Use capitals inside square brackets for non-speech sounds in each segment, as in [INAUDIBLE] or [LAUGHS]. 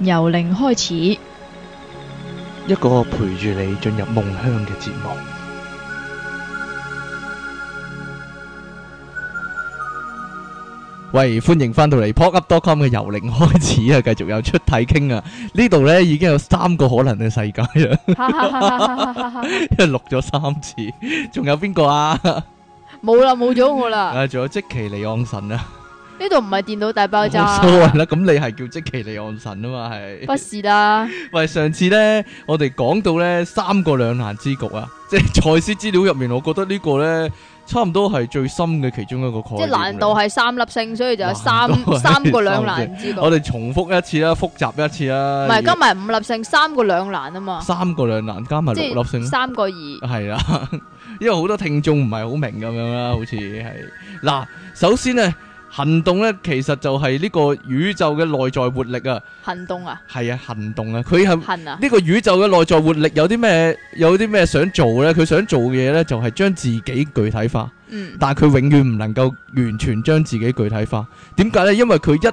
由零開始，一個陪住你進入夢鄉嘅節目。喂，歡迎翻到嚟 pokup.com 嘅由零開始啊，繼續有出體傾啊，呢度呢已經有三個可能嘅世界啦，因為錄咗三次，仲有邊個啊？冇啦，冇咗我啦，誒，仲有即其尼安神啊！呢度唔係電腦大爆炸。冇所謂啦，咁你係叫即其利暗神啊嘛係。不是啦。喂，上次咧，我哋講到咧三個兩難之局啊，即係賽斯資料入面，我覺得呢個咧差唔多係最深嘅其中一個概念。即係難度係三粒星，所以就有三三個兩難之局。我哋重複一次啦，複雜一次啦。唔係，加埋五粒星，三個兩難啊嘛。三個兩難加埋六粒星。三個二。係啦，因為好多聽眾唔係好明咁樣啦，好似係嗱，首先咧。行動呢，其實就係呢個宇宙嘅內在活力啊，啊，啊！行動啊，係啊，行動啊！佢係呢個宇宙嘅內在活力有啲咩？有啲咩想做呢？佢想做嘅嘢呢，就係、是、將自己具體化。嗯、但係佢永遠唔能夠完全將自己具體化。點解呢？因為佢一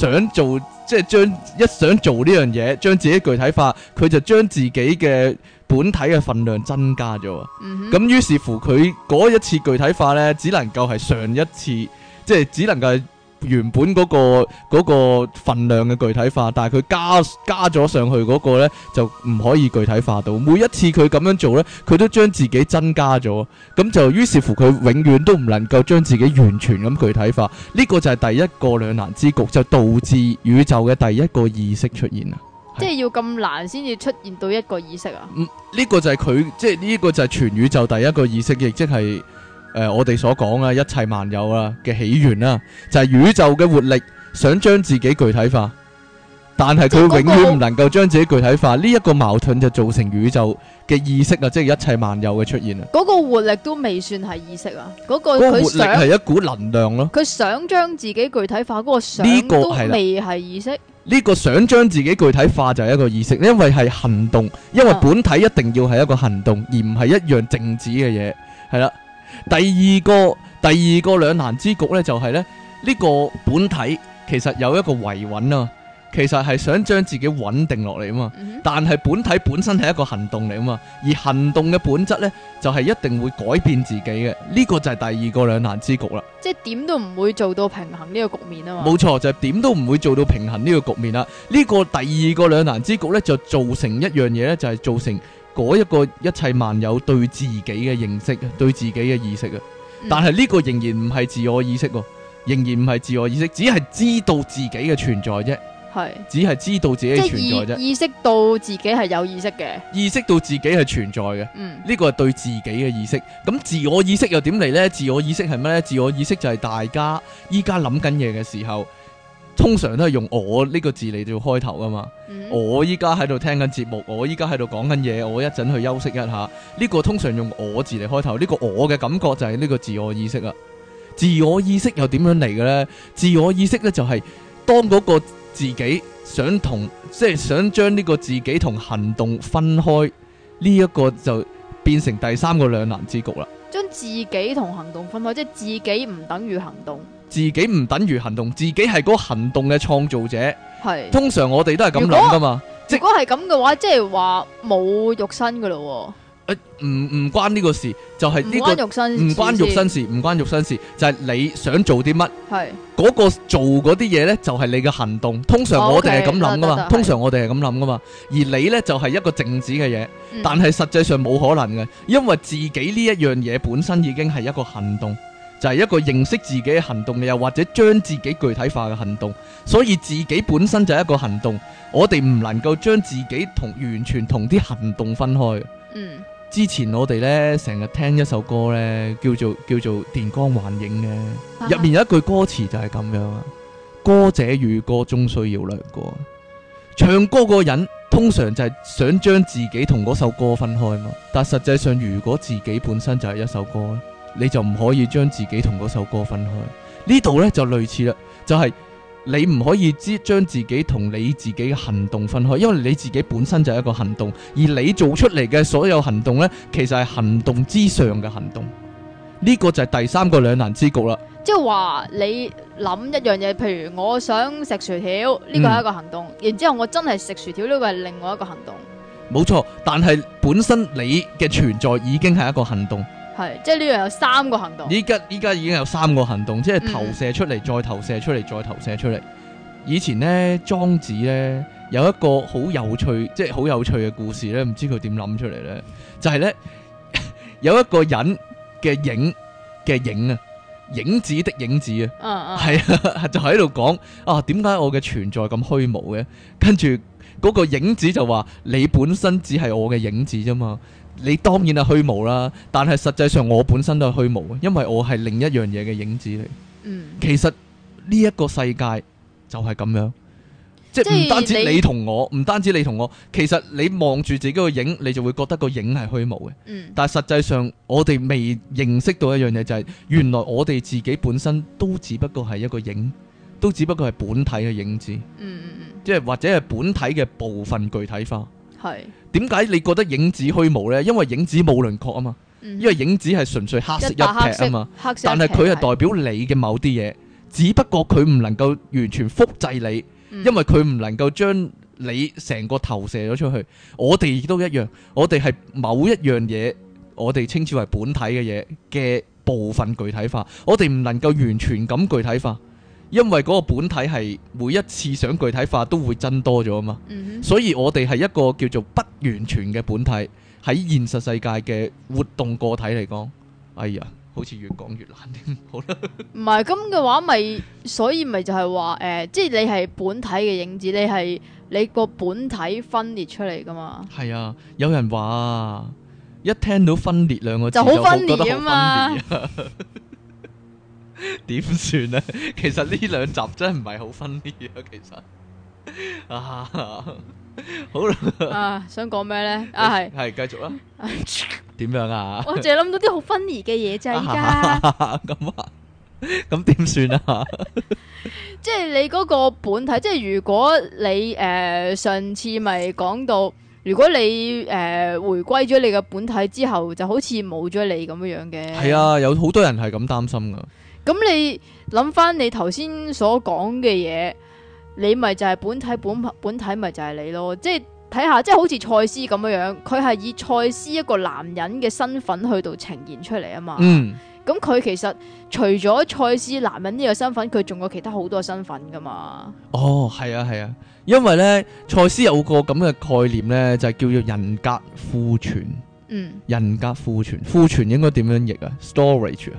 想做，即係將一想做呢樣嘢，將自己具體化，佢就將自己嘅本體嘅份量增加咗。咁於、嗯、哼是乎，佢嗰一次具體化呢，只能夠係上一次。即係只能夠原本嗰個嗰個份量嘅具體化，但係佢加加咗上去嗰個呢，就唔可以具體化到。每一次佢咁樣做呢，佢都將自己增加咗，咁就於是乎佢永遠都唔能夠將自己完全咁具體化。呢個就係第一個兩難之局，就導致宇宙嘅第一個意識出現啊！即係要咁難先至出現到一個意識啊？嗯，呢個就係佢，即係呢個就係全宇宙第一個意識，亦即係。誒、呃，我哋所講啊，一切萬有啊嘅起源啊，就係、是、宇宙嘅活力想將自己具體化，但係佢永遠唔能夠將自己具體化呢一、那個、個矛盾就造成宇宙嘅意識啊，即、就、係、是、一切萬有嘅出現啊。嗰個活力都未算係意識啊，嗰、那個、個活力係一股能量咯、啊。佢想將自己具體化嗰、那個想個，都未係意識。呢個想將自己具體化就係一個意識，因為係行動，因為本體一定要係一個行動、啊、而唔係一樣靜止嘅嘢，係啦。第二個第二個兩難之局呢，就係咧呢個本體其實有一個維穩啊，其實係想將自己穩定落嚟，啊嘛。嗯哼，但係本體本身係一個行動嚟，啊嘛，而行動嘅本質呢，就係一定會改變自己嘅，呢個就係第二個兩難之局啦。即係點都唔會做到平衡呢個局面啊嘛。冇錯，就係點都唔會做到平衡呢個局面啦。呢個第二個兩難之局呢，就造成一樣嘢呢，就係造成。嗰一個一切萬有對自己嘅認識啊，對自己嘅意識啊，但係呢個仍然唔係自我意識，仍然唔係自我意識，只係知道自己嘅存在啫，係只係知道自己嘅存在啫，意識到自己係有意識嘅，意識到自己係存在嘅，嗯，呢個係對自己嘅意識。咁自我意識又點嚟呢？自我意識係咩咧？自我意識就係大家依家諗緊嘢嘅時候。通常都係用我呢個字嚟做開頭噶嘛。嗯、我依家喺度聽緊節目，我依家喺度講緊嘢，我一陣去休息一下。呢個通常用我字嚟開頭，呢個我嘅感覺就係呢個自我意識啦。自我意識又點樣嚟嘅呢？自我意識呢，就係當嗰個自己想同，即係想將呢個自己同行動分開，呢一個就變成第三個兩難之局啦。將自己同行動分開，即係自己唔等於行動。自己唔等於行動，自己係嗰行動嘅創造者。係，通常我哋都係咁諗噶嘛。如果係咁嘅話，即係話冇肉身噶咯喎。誒，唔唔關呢個事，就係呢個肉身事，唔關肉身事，唔關肉身事，就係你想做啲乜。係嗰個做嗰啲嘢呢，就係你嘅行動。通常我哋係咁諗噶嘛，通常我哋係咁諗噶嘛。而你呢，就係一個靜止嘅嘢，但係實際上冇可能嘅，因為自己呢一樣嘢本身已經係一個行動。就係一個認識自己嘅行動又或者將自己具體化嘅行動。所以自己本身就係一個行動。我哋唔能夠將自己同完全同啲行動分開。嗯，之前我哋呢，成日聽一首歌呢，叫做叫做《電光幻影》嘅，入、啊、面有一句歌詞就係咁樣啊。歌者與歌，終需要兩個。唱歌嗰個人通常就係想將自己同嗰首歌分開嘛，但實際上如果自己本身就係一首歌你就唔可以將自己同嗰首歌分開，呢度呢，就類似啦，就係、是、你唔可以知將自己同你自己行動分開，因為你自己本身就係一個行動，而你做出嚟嘅所有行動呢，其實係行動之上嘅行動，呢、這個就係第三個兩難之局啦。即係話你諗一樣嘢，譬如我想食薯條，呢個係一個行動，嗯、然之後我真係食薯條呢、這個係另外一個行動。冇錯，但係本身你嘅存在已經係一個行動。係，即係呢樣有三個行動。依家依家已經有三個行動，即係投射出嚟、嗯，再投射出嚟，再投射出嚟。以前呢莊子呢，有一個好有趣，即係好有趣嘅故事呢，唔知佢點諗出嚟呢，就係、是、呢， [LAUGHS] 有一個人嘅影嘅影啊，影子的影子啊，啊，係是 [LAUGHS] 啊，就喺度講啊，點解我嘅存在咁虛無嘅？跟住嗰個影子就話：你本身只係我嘅影子啫嘛。你當然係虛無啦，但係實際上我本身都係虛無，因為我係另一樣嘢嘅影子嚟。嗯，其實呢一個世界就係咁樣，嗯、即係唔單止你同我，唔、嗯、單止你同我，我，其實你望住自己個影，你就會覺得個影係虛無嘅。嗯、但係實際上我哋未認識到一樣嘢，就係、係、原來我哋自己本身都只不過係一個影，都只不過係本體嘅影子。即係、嗯、或者係本體嘅部分具體化。點解你覺得影子虛無呢？因為影子冇輪廓啊嘛，嗯、因為影子係純粹黑色一片啊嘛。但係佢係代表你嘅某啲嘢，嗯、只不過佢唔能夠完全複製你，因為佢唔能夠將你成個投射咗出去。我哋亦都一樣，我哋係某一樣嘢，我哋稱之為本體嘅嘢嘅部分具體化。我哋唔能夠完全咁具體化。因為嗰個本體係每一次想具體化都會增多咗嘛，嗯、哼所以我哋係一個叫做不完全嘅本體喺現實世界嘅活動個體嚟講，哎呀，好似越講越難添。好 [LAUGHS] 啦，唔係咁嘅話，咪所以咪就係話誒，即、呃、係、就是、你係本體嘅影子，你係你個本體分裂出嚟噶嘛？係啊，有人話一聽到分裂兩個字就好分裂啊嘛！ [LAUGHS] 點算 [LAUGHS] 啊？其實呢兩集真係唔係好分離啊，其實啊，好啊，想講咩呢？啊係係繼續啦。點樣啊？我淨係諗到啲好分離嘅嘢啫，而家咁啊，咁點算啊？asc an up 即係你嗰個本體，即係如果你誒上次咪講到，如果你誒回歸咗你嘅本體之後，就好似冇咗你咁樣樣嘅。係啊，有好多人係咁擔心噶。咁你諗翻你頭先所講嘅嘢，你咪就係本體本本體咪就係你咯，即係睇下，即係好似賽斯咁樣樣，佢係以賽斯一個男人嘅身份去到呈現出嚟，啊嘛。嗯。咁佢其實除咗賽斯男人呢個身份，佢仲有其他好多身份噶嘛。哦，係啊，係啊，因為咧，賽斯有個咁嘅概念咧，就係叫做人格庫存。嗯。人格庫存，庫存應該點樣譯啊？Storage 啊？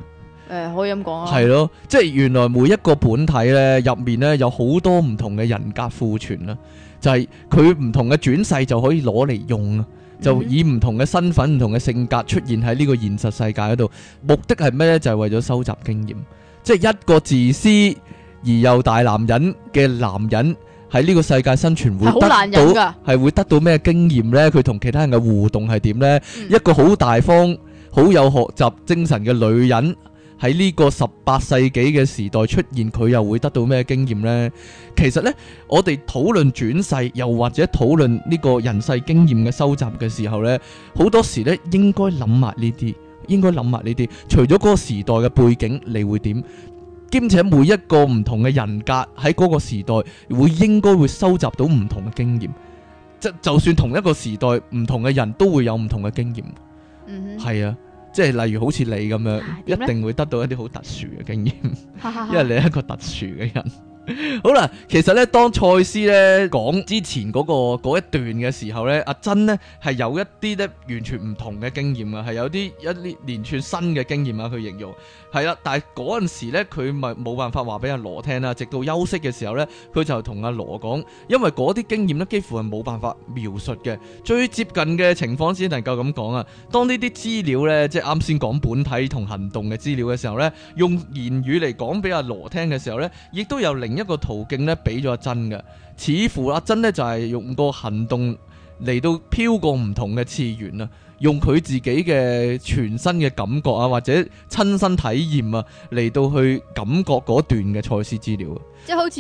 誒可以咁講啊，係咯，即係原來每一個本體咧入面咧有好多唔同嘅人格庫存啦、啊，就係佢唔同嘅轉世就可以攞嚟用啊，就以唔同嘅身份、唔、嗯、哼同嘅性格出現喺呢個現實世界嗰度。目的係咩咧？就係、是、為咗收集經驗。即係一個自私而又大男人嘅男人喺呢個世界生存，係好難忍㗎，係會得到咩經驗呢？佢同其他人嘅互動係點呢？嗯、一個好大方、好有學習精神嘅女人，喺呢個十八世紀嘅時代出現，佢又會得到咩經驗呢？其實呢，我哋討論轉世，又或者討論呢個人世經驗嘅收集嘅時候呢，好多時呢應該諗埋呢啲，應該諗埋呢啲。除咗嗰個時代嘅背景，你會點？兼且每一個唔同嘅人格喺嗰個時代，會應該會收集到唔同嘅經驗。即就，就算同一個時代，唔同嘅人都會有唔同嘅經驗。嗯、mm-hmm，係啊。即係例如好似你咁樣，一定會得到一啲好特殊嘅經驗， [LAUGHS] 因為你係一個特殊嘅人。 [LAUGHS] 好啦，其實咧，當賽斯咧講之前嗰，那個一段嘅時候咧，阿珍呢係有一啲咧完全唔同嘅經驗噶，啊，係有啲一,一連串新嘅經驗啊去形容，係啦，啊，但係嗰陣時咧佢咪冇辦法話俾阿羅聽啦，直到休息嘅時候咧，佢就同阿羅講，因為嗰啲經驗咧幾乎係冇辦法描述嘅，最接近嘅情況先能夠咁講啊。當呢啲資料咧即係啱先講本體同行動嘅資料嘅時候咧，用言語嚟講俾阿羅聽嘅時候咧，亦都有另一個途徑咧，俾咗阿珍嘅。似乎阿珍咧就係、是、用個行動嚟到飄過唔同嘅次元啦，用佢自己嘅全新嘅感覺啊，或者親身體驗啊，嚟到去感覺嗰段嘅賽斯資料。即係好似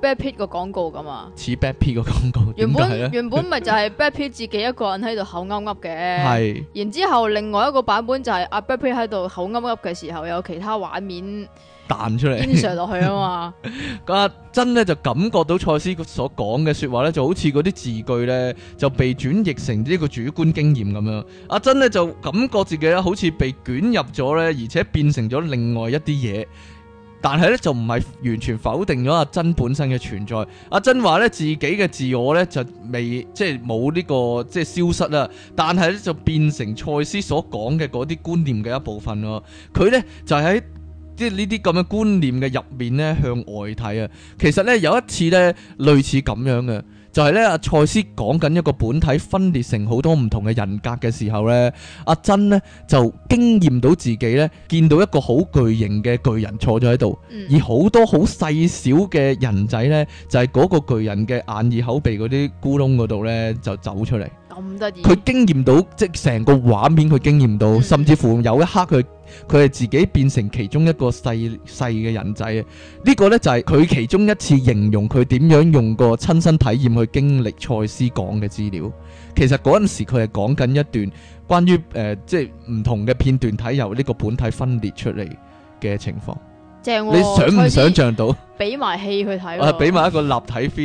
Bad Pit 個廣告咁啊，似 Bad Pit 個廣告，原本原本咪就係 Bad Pit 自己一個人喺度口噏噏嘅，係 [LAUGHS] 是，然後之後另外一個版本就係阿 Bad Pit 喺度口噏噏嘅時候，有其他畫面。彈出嚟 i n s 落去啊嘛！阿珍咧就感覺到蔡司所講嘅說話咧，就好似嗰啲字句咧就被轉譯成呢個主觀經驗咁樣。阿珍咧就感覺自己呢好似被捲入咗咧，而且變成咗另外一啲嘢。但係咧就唔係完全否定咗阿珍本身嘅存在。阿珍話咧自己嘅自我咧就未即係冇呢個即係消失啦，但係咧就變成蔡司所講嘅嗰啲觀念嘅一部分咯。佢咧就喺。即係呢啲咁嘅觀念嘅入面咧，向外睇啊，其實呢有一次呢類似咁樣嘅，就係、是、呢阿賽斯講緊一個本體分裂成好多唔同嘅人格嘅時候呢，阿珍呢就經驗到自己呢見到一個好巨型嘅巨人坐咗喺度，嗯、而好多好細小嘅人仔呢，就係、是、嗰個巨人嘅眼耳口鼻嗰啲咕窿嗰度呢，就走出嚟。咁得意！佢經驗到即成個畫面，佢經驗到，驗到嗯、甚至乎有一刻佢。佢係自己變成其中一個細細嘅人仔啊！呢、這個呢，就係、是、佢其中一次形容佢點樣用個親身體驗去經歷賽斯講嘅資料。其實嗰陣時佢係講緊一段關於誒、呃，即係唔同嘅片段體，由呢個本體分裂出嚟嘅情況。你想唔想象到？俾埋戲去睇，俾埋一個立體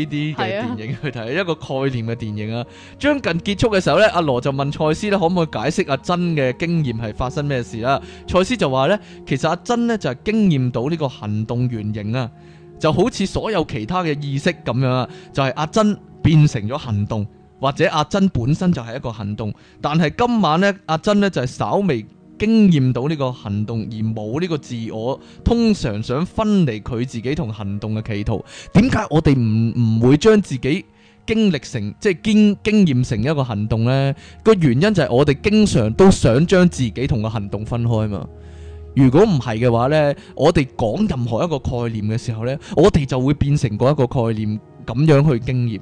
3D 嘅電影去睇，一個概念嘅電影啊！將近結束嘅時候呢，阿羅就問賽斯呢，可唔可以解釋阿珍嘅經驗係發生咩事啊？賽斯就話呢，其實阿珍呢就係經驗到呢個行動原型啊，就好似所有其他嘅意識咁樣啊，就係阿珍變成咗行動，或者阿珍本身就係一個行動，但係今晚呢，阿珍呢就係稍微。經驗到呢個行動，而冇呢個自我，通常想分離佢自己同行動嘅企圖。點解我哋唔唔會將自己經歷成即係經經驗成一個行動呢？個原因就係我哋經常都想將自己同個行動分開嘛。如果唔係嘅話呢，我哋講任何一個概念嘅時候呢，我哋就會變成嗰一個概念咁樣去經驗。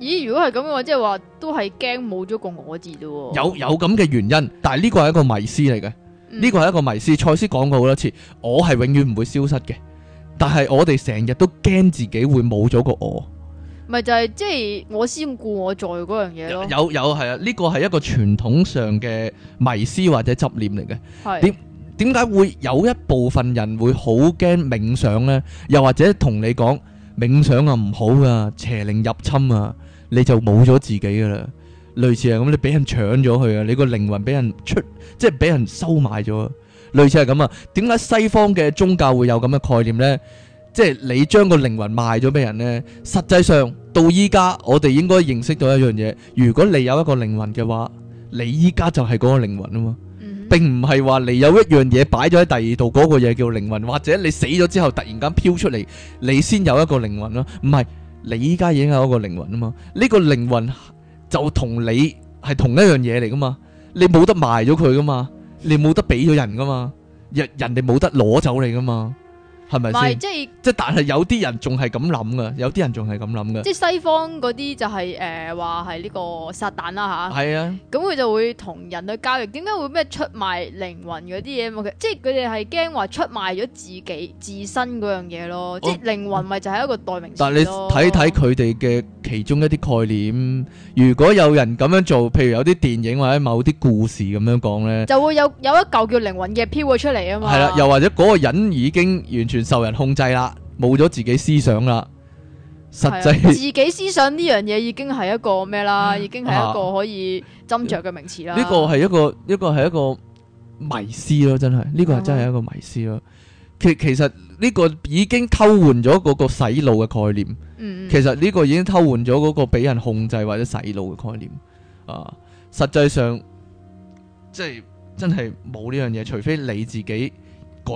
咦，如果係咁嘅話，即係話都係驚冇咗個我字啫、哦？有有咁嘅原因，但係呢個係一個迷思嚟嘅，呢個係一個迷思。賽斯講過好多次，我係永遠唔會消失嘅，但係我哋成日都驚自己會冇咗個我。咪就係、是、即係我思故我在嗰樣嘢。有有係啊，呢個係一個傳統上嘅迷思或者執念嚟嘅。點點解會有一部分人會好驚冥想呢？又或者同你講冥想啊唔好㗎，邪靈入侵啊？你就冇咗自己噶啦，類似係咁，你俾人搶咗佢，啊，你個靈魂俾人出，即係俾人收買咗，類似係咁啊。點解西方嘅宗教會有咁嘅概念呢？即係你將個靈魂賣咗俾人呢？實際上到依家我哋應該認識到一樣嘢：如果你有一個靈魂嘅話，你依家就係嗰個靈魂啊嘛，嗯、並唔係話你有一樣嘢擺咗喺第二度嗰個嘢叫靈魂，或者你死咗之後突然間飄出嚟，你先有一個靈魂咯，唔係。你依家已經有一個靈魂啊嘛，呢個靈魂就同你係同一樣嘢嚟噶嘛，你冇得賣咗佢噶嘛，你冇得俾咗人噶嘛，人人哋冇得攞走你噶嘛。係咪？即係即係，但係有啲人仲係咁諗噶，有啲人仲係咁諗噶。即係西方嗰啲就係誒話係呢個撒旦啦吓。係啊，咁佢就會同人類交易，點解會咩出賣靈魂嗰啲嘢？即係佢哋係驚話出賣咗自己自身嗰樣嘢咯。哦、即係靈魂咪就係一個代名詞、哦哦、但係你睇睇佢哋嘅其中一啲概念，如果有人咁樣做，譬如有啲電影或者某啲故事咁樣講咧，就會有有一嚿叫靈魂嘅飄咗出嚟啊嘛。係啦、啊，又或者嗰個人已經完全。受人控制啦，冇咗自己思想啦。實際自己思想呢樣嘢已經係一個咩啦？嗯、已經係一個可以斟酌嘅名詞啦。呢個係一個一個係一個迷思咯，真係呢、嗯、個係真係一個迷思咯。其、嗯、其實呢個已經偷換咗嗰個洗腦嘅概念。其實呢個已經偷換咗嗰個俾人控制或者洗腦嘅概念啊。實際上，即係真係冇呢樣嘢，除非你自己。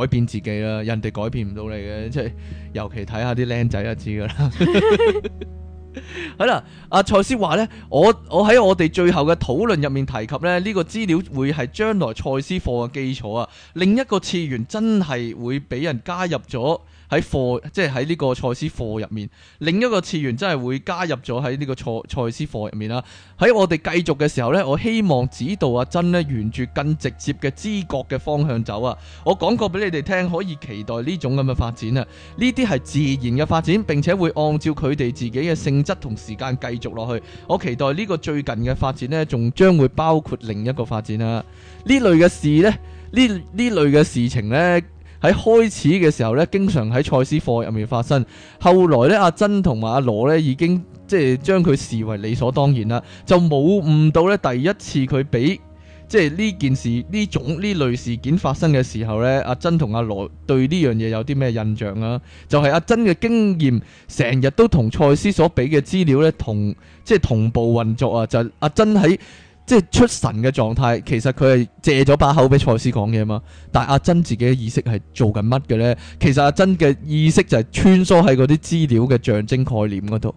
改變自己啦，人哋改變唔到你嘅，即係尤其睇下啲靚仔就知噶啦、 [LAUGHS] [LAUGHS] 嗯。好啦，阿賽斯話呢，我我喺我哋最後嘅討論入面提及咧，呢、呢個資料會係將來賽斯課嘅基礎啊，另一個次元真係會俾人加入咗。喺課，即係喺呢個賽斯課入面，另一個次元真係會加入咗喺呢個賽賽斯課入面啦。喺我哋繼續嘅時候呢，我希望指導阿珍呢，沿住更直接嘅知覺嘅方向走啊。我講過俾你哋聽，可以期待呢種咁嘅發展啊。呢啲係自然嘅發展，並且會按照佢哋自己嘅性質同時間繼續落去。我期待呢個最近嘅發展呢，仲將會包括另一個發展啦。類呢類嘅事咧，呢呢類嘅事情呢。喺開始嘅時候呢，經常喺賽斯課入面發生。後來呢，阿珍同埋阿羅呢已經即係將佢視為理所當然啦，就冇誤到呢。第一次佢俾即係呢件事呢種呢類事件發生嘅時候呢，阿珍同阿羅對呢樣嘢有啲咩印象啊？就係、是、阿珍嘅經驗，成日都同賽斯所俾嘅資料呢同即係同步運作啊！就係、是、阿珍喺。即係出神嘅狀態，其實佢係借咗把口俾賽斯講嘢嘛。但阿珍自己嘅意識係做緊乜嘅呢？其實阿珍嘅意識就係穿梭喺嗰啲資料嘅象徵概念嗰度，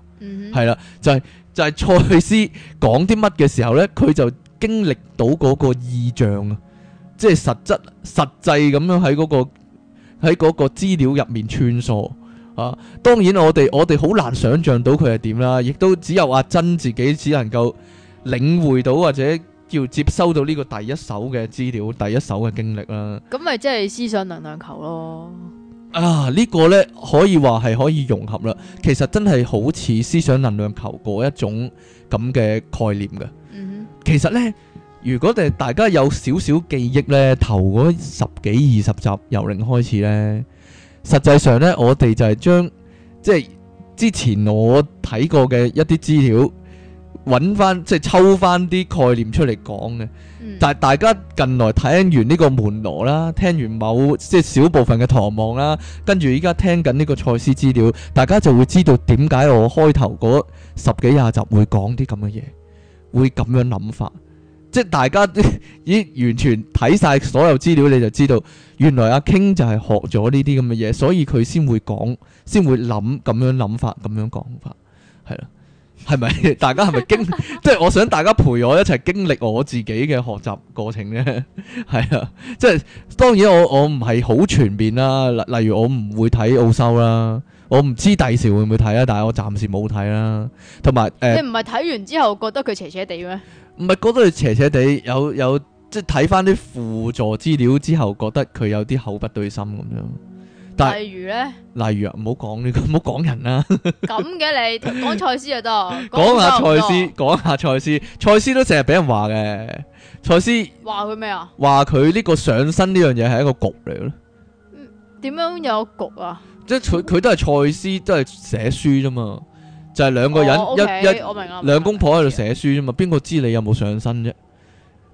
係啦、嗯哼，就係、是、就係、是、賽斯講啲乜嘅時候呢，佢就經歷到嗰個意象啊，即、就、係、是、實質實際咁樣喺嗰個喺嗰個資料入面穿梭啊。當然我哋我哋好難想像到佢係點啦，亦都只有阿珍自己只能夠。領會到或者叫接收到呢個第一手嘅資料、第一手嘅經歷啦。咁咪即係思想能量球咯。啊，呢個呢可以話係可以融合啦。其實真係好似思想能量球嗰一種咁嘅概念嘅。嗯哼。其實呢，如果誒大家有少少記憶呢，頭嗰十幾二十集由零開始呢，實際上呢，我哋就係將即係之前我睇過嘅一啲資料。揾翻即係抽翻啲概念出嚟講嘅，嗯、但係大家近來睇完呢個門羅啦，聽完某即係少部分嘅堂望啦，跟住依家聽緊呢個賽斯資料，大家就會知道點解我開頭嗰十幾廿集會講啲咁嘅嘢，會咁樣諗法，即係大家咦完全睇晒所有資料你就知道，原來阿傾就係學咗呢啲咁嘅嘢，所以佢先會講，先會諗咁樣諗法，咁樣講法，係啦。係咪大家係咪驚？ [LAUGHS] 即係我想大家陪我一齊經歷我自己嘅學習過程呢？係 [LAUGHS] 啊，即係當然我我唔係好全面啦。例例如我唔會睇奧修啦，我唔知第時會唔會睇啦，但係我暫時冇睇啦。同埋誒，你唔係睇完之後覺得佢邪邪哋咩？唔係覺得佢邪邪哋，有有即係睇返啲輔助資料之後，覺得佢有啲口不對心咁樣。例如咧，例如啊，唔好講呢個，唔好講人啦、啊。咁嘅你講 [LAUGHS] 賽斯就講都多，講下賽斯，講下賽斯，賽斯都成日俾人話嘅，賽斯話佢咩啊？話佢呢個上身呢樣嘢係一個局嚟嘅咧。點樣有局啊？即係佢佢都係賽斯，都係寫書啫嘛，就係、是、兩個人、oh, okay, 一一我明啊、兩公婆喺度寫書啫嘛。邊個知你有冇上身啫？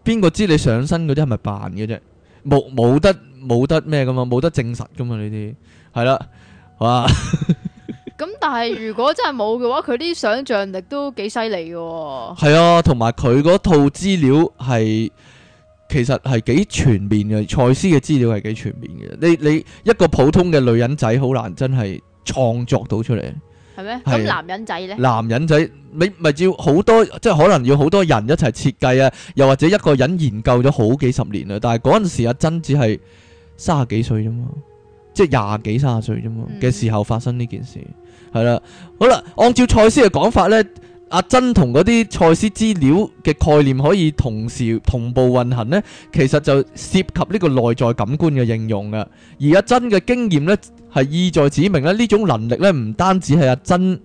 邊個知你上身嗰啲係咪扮嘅啫？冇冇得。冇得咩噶嘛，冇得證實噶嘛呢啲，係啦，哇！咁、啊、 [LAUGHS] 但係如果真係冇嘅話，佢啲想象力都幾犀利嘅。係 [LAUGHS] 啊，同埋佢嗰套資料係其實係幾全面嘅，賽斯嘅資料係幾全面嘅。你你一個普通嘅女人仔好難真係創作到出嚟，係咩嗎？咁是男人仔呢？男人仔你咪照好多，即係可能要好多人一齊設計啊，又或者一個人研究咗好幾十年啊。但係嗰陣時阿珍只係。卅幾歲啫嘛，即係廿幾卅歲啫嘛嘅時候發生呢件事，係啦，好啦，按照賽斯嘅講法呢，阿珍同嗰啲賽斯資料嘅概念可以同時同步運行呢，其實就涉及呢個內在感官嘅應用啊，而阿珍嘅經驗呢，係意在指明咧呢種能力呢，唔單止係阿珍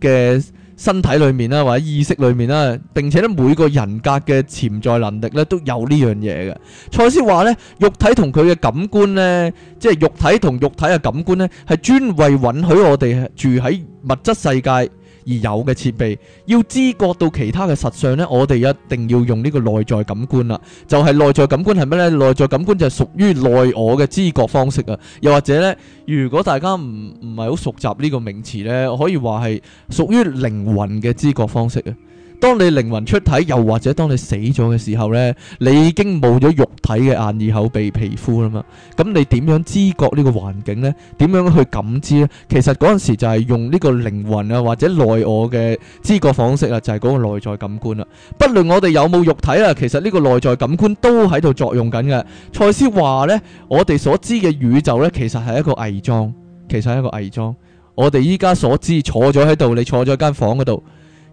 嘅。身體裏面啦，或者意識裏面啦，並且咧每個人格嘅潛在能力咧都有呢樣嘢嘅。賽斯話呢，肉體同佢嘅感官呢，即係肉體同肉體嘅感官呢，係專為允許我哋住喺物質世界。而有嘅設備要知覺到其他嘅實相呢，我哋一定要用呢個內在感官啦。就係，內在感官係咩呢？內在感官就係屬於內我嘅知覺方式啊。又或者呢，如果大家唔唔係好熟習呢個名詞呢，可以話係屬於靈魂嘅知覺方式啊。當你靈魂出體，又或者當你死咗嘅時候呢，你已經冇咗肉體嘅眼耳口鼻皮膚啦嘛。咁你點樣知覺呢個環境呢？點樣去感知呢？其實嗰陣時就係用呢個靈魂啊，或者內我嘅知覺方式啦、啊，就係、是、嗰個內在感官啦、啊。不論我哋有冇肉體啦、啊，其實呢個內在感官都喺度作用緊嘅。賽斯話呢，我哋所知嘅宇宙呢，其實係一個偽裝，其實係一個偽裝。我哋依家所知，坐咗喺度，你坐咗間房嗰度。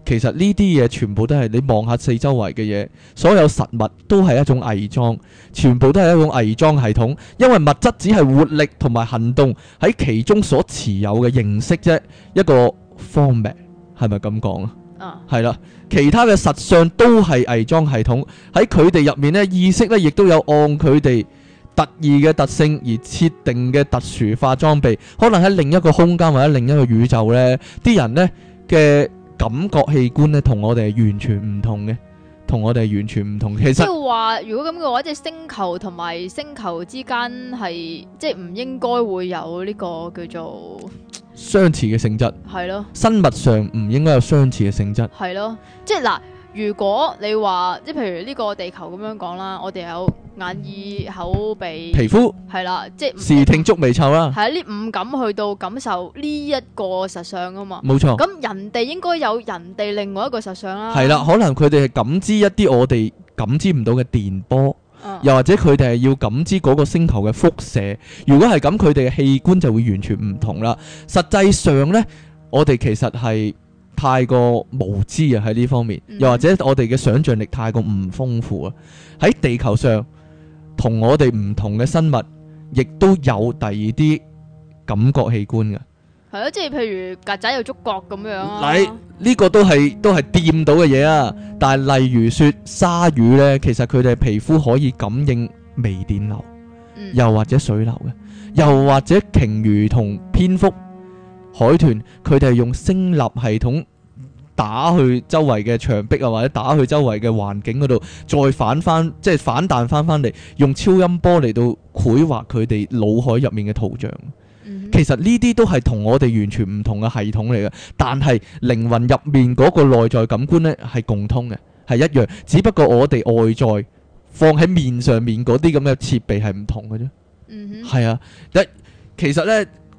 其實呢啲嘢全部都係你望下四周圍嘅嘢，所有實物都係一種偽裝，全部都係一種偽裝系統，因為物質只係活力同埋行動喺其中所持有嘅形式啫，一個 form，係咪咁講啊？啊，係啦，其他嘅實相都係偽裝系統，喺佢哋入面呢，意識呢亦都有按佢哋特異嘅特性而設定嘅特殊化裝備，可能喺另一個空間或者另一個宇宙呢，啲人呢嘅，感覺器官咧，同我哋係完全唔同嘅，同我哋係完全唔同嘅。其實，即係話，如果咁嘅話，即係星球同埋星球之間係即係唔應該會有呢個叫做相似嘅性質。係咯的，生物上唔應該有相似嘅性質。係咯，即係嗱。如果你話即係譬如呢個地球咁樣講啦，我哋有眼耳口鼻皮膚膚係啦，即係視聽觸味嗅啦，係呢五感去到感受呢一個實相啊嘛，冇錯錯。咁人哋應該有人哋另外一個實相啦，係啦，可能佢哋係感知一啲我哋感知唔到嘅電波，嗯、又或者佢哋係要感知嗰個星球嘅輻射。如果係咁，佢哋嘅器官就會完全唔同啦。實際上呢，我哋其實係。太過無知啊！喺呢方面，又或者我哋嘅想像力太過唔豐富啊！喺地球上同我哋唔同嘅生物，亦都有第二啲感覺器官嘅。係咯、啊，即係譬如曱甴有觸角咁樣、啊。你呢、呢個都係都係掂到嘅嘢啊！嗯、但係例如說鯊魚呢，其實佢哋皮膚可以感應微電流，嗯、又或者水流嘅，又或者鯨魚同蝙蝠、海豚佢哋係用聲納系統打去周圍嘅牆壁啊，或者打去周圍嘅環境嗰度，再反翻，即係反彈翻翻嚟，用超音波嚟到繪畫佢哋腦海入面嘅圖像。嗯、哼其實呢啲都係同我哋完全唔同嘅系統嚟嘅，但係靈魂入面嗰個內在感官咧係共通嘅，係一樣，只不過我哋外在放喺面上面嗰啲咁嘅設備係唔同嘅啫。嗯哼，係啊，一其實咧。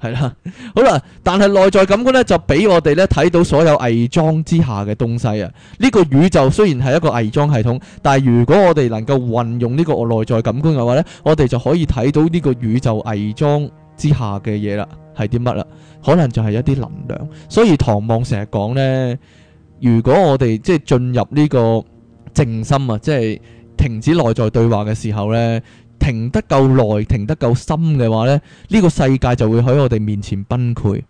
係啦，好啦，但係內在感官呢，就俾我哋咧睇到所有偽裝之下嘅東西啊！呢個宇宙雖然係一個偽裝系統，但係如果我哋能夠運用呢個內在感官嘅話呢，我哋就可以睇到呢個宇宙偽裝之下嘅嘢啦，係啲乜啦？可能就係一啲能量。所以唐望成日講呢，如果我哋即係進入呢個靜心啊，即係停止內在對話嘅時候呢。停得夠耐，停得夠深嘅話咧，呢、這個世界就會喺我哋面前崩潰。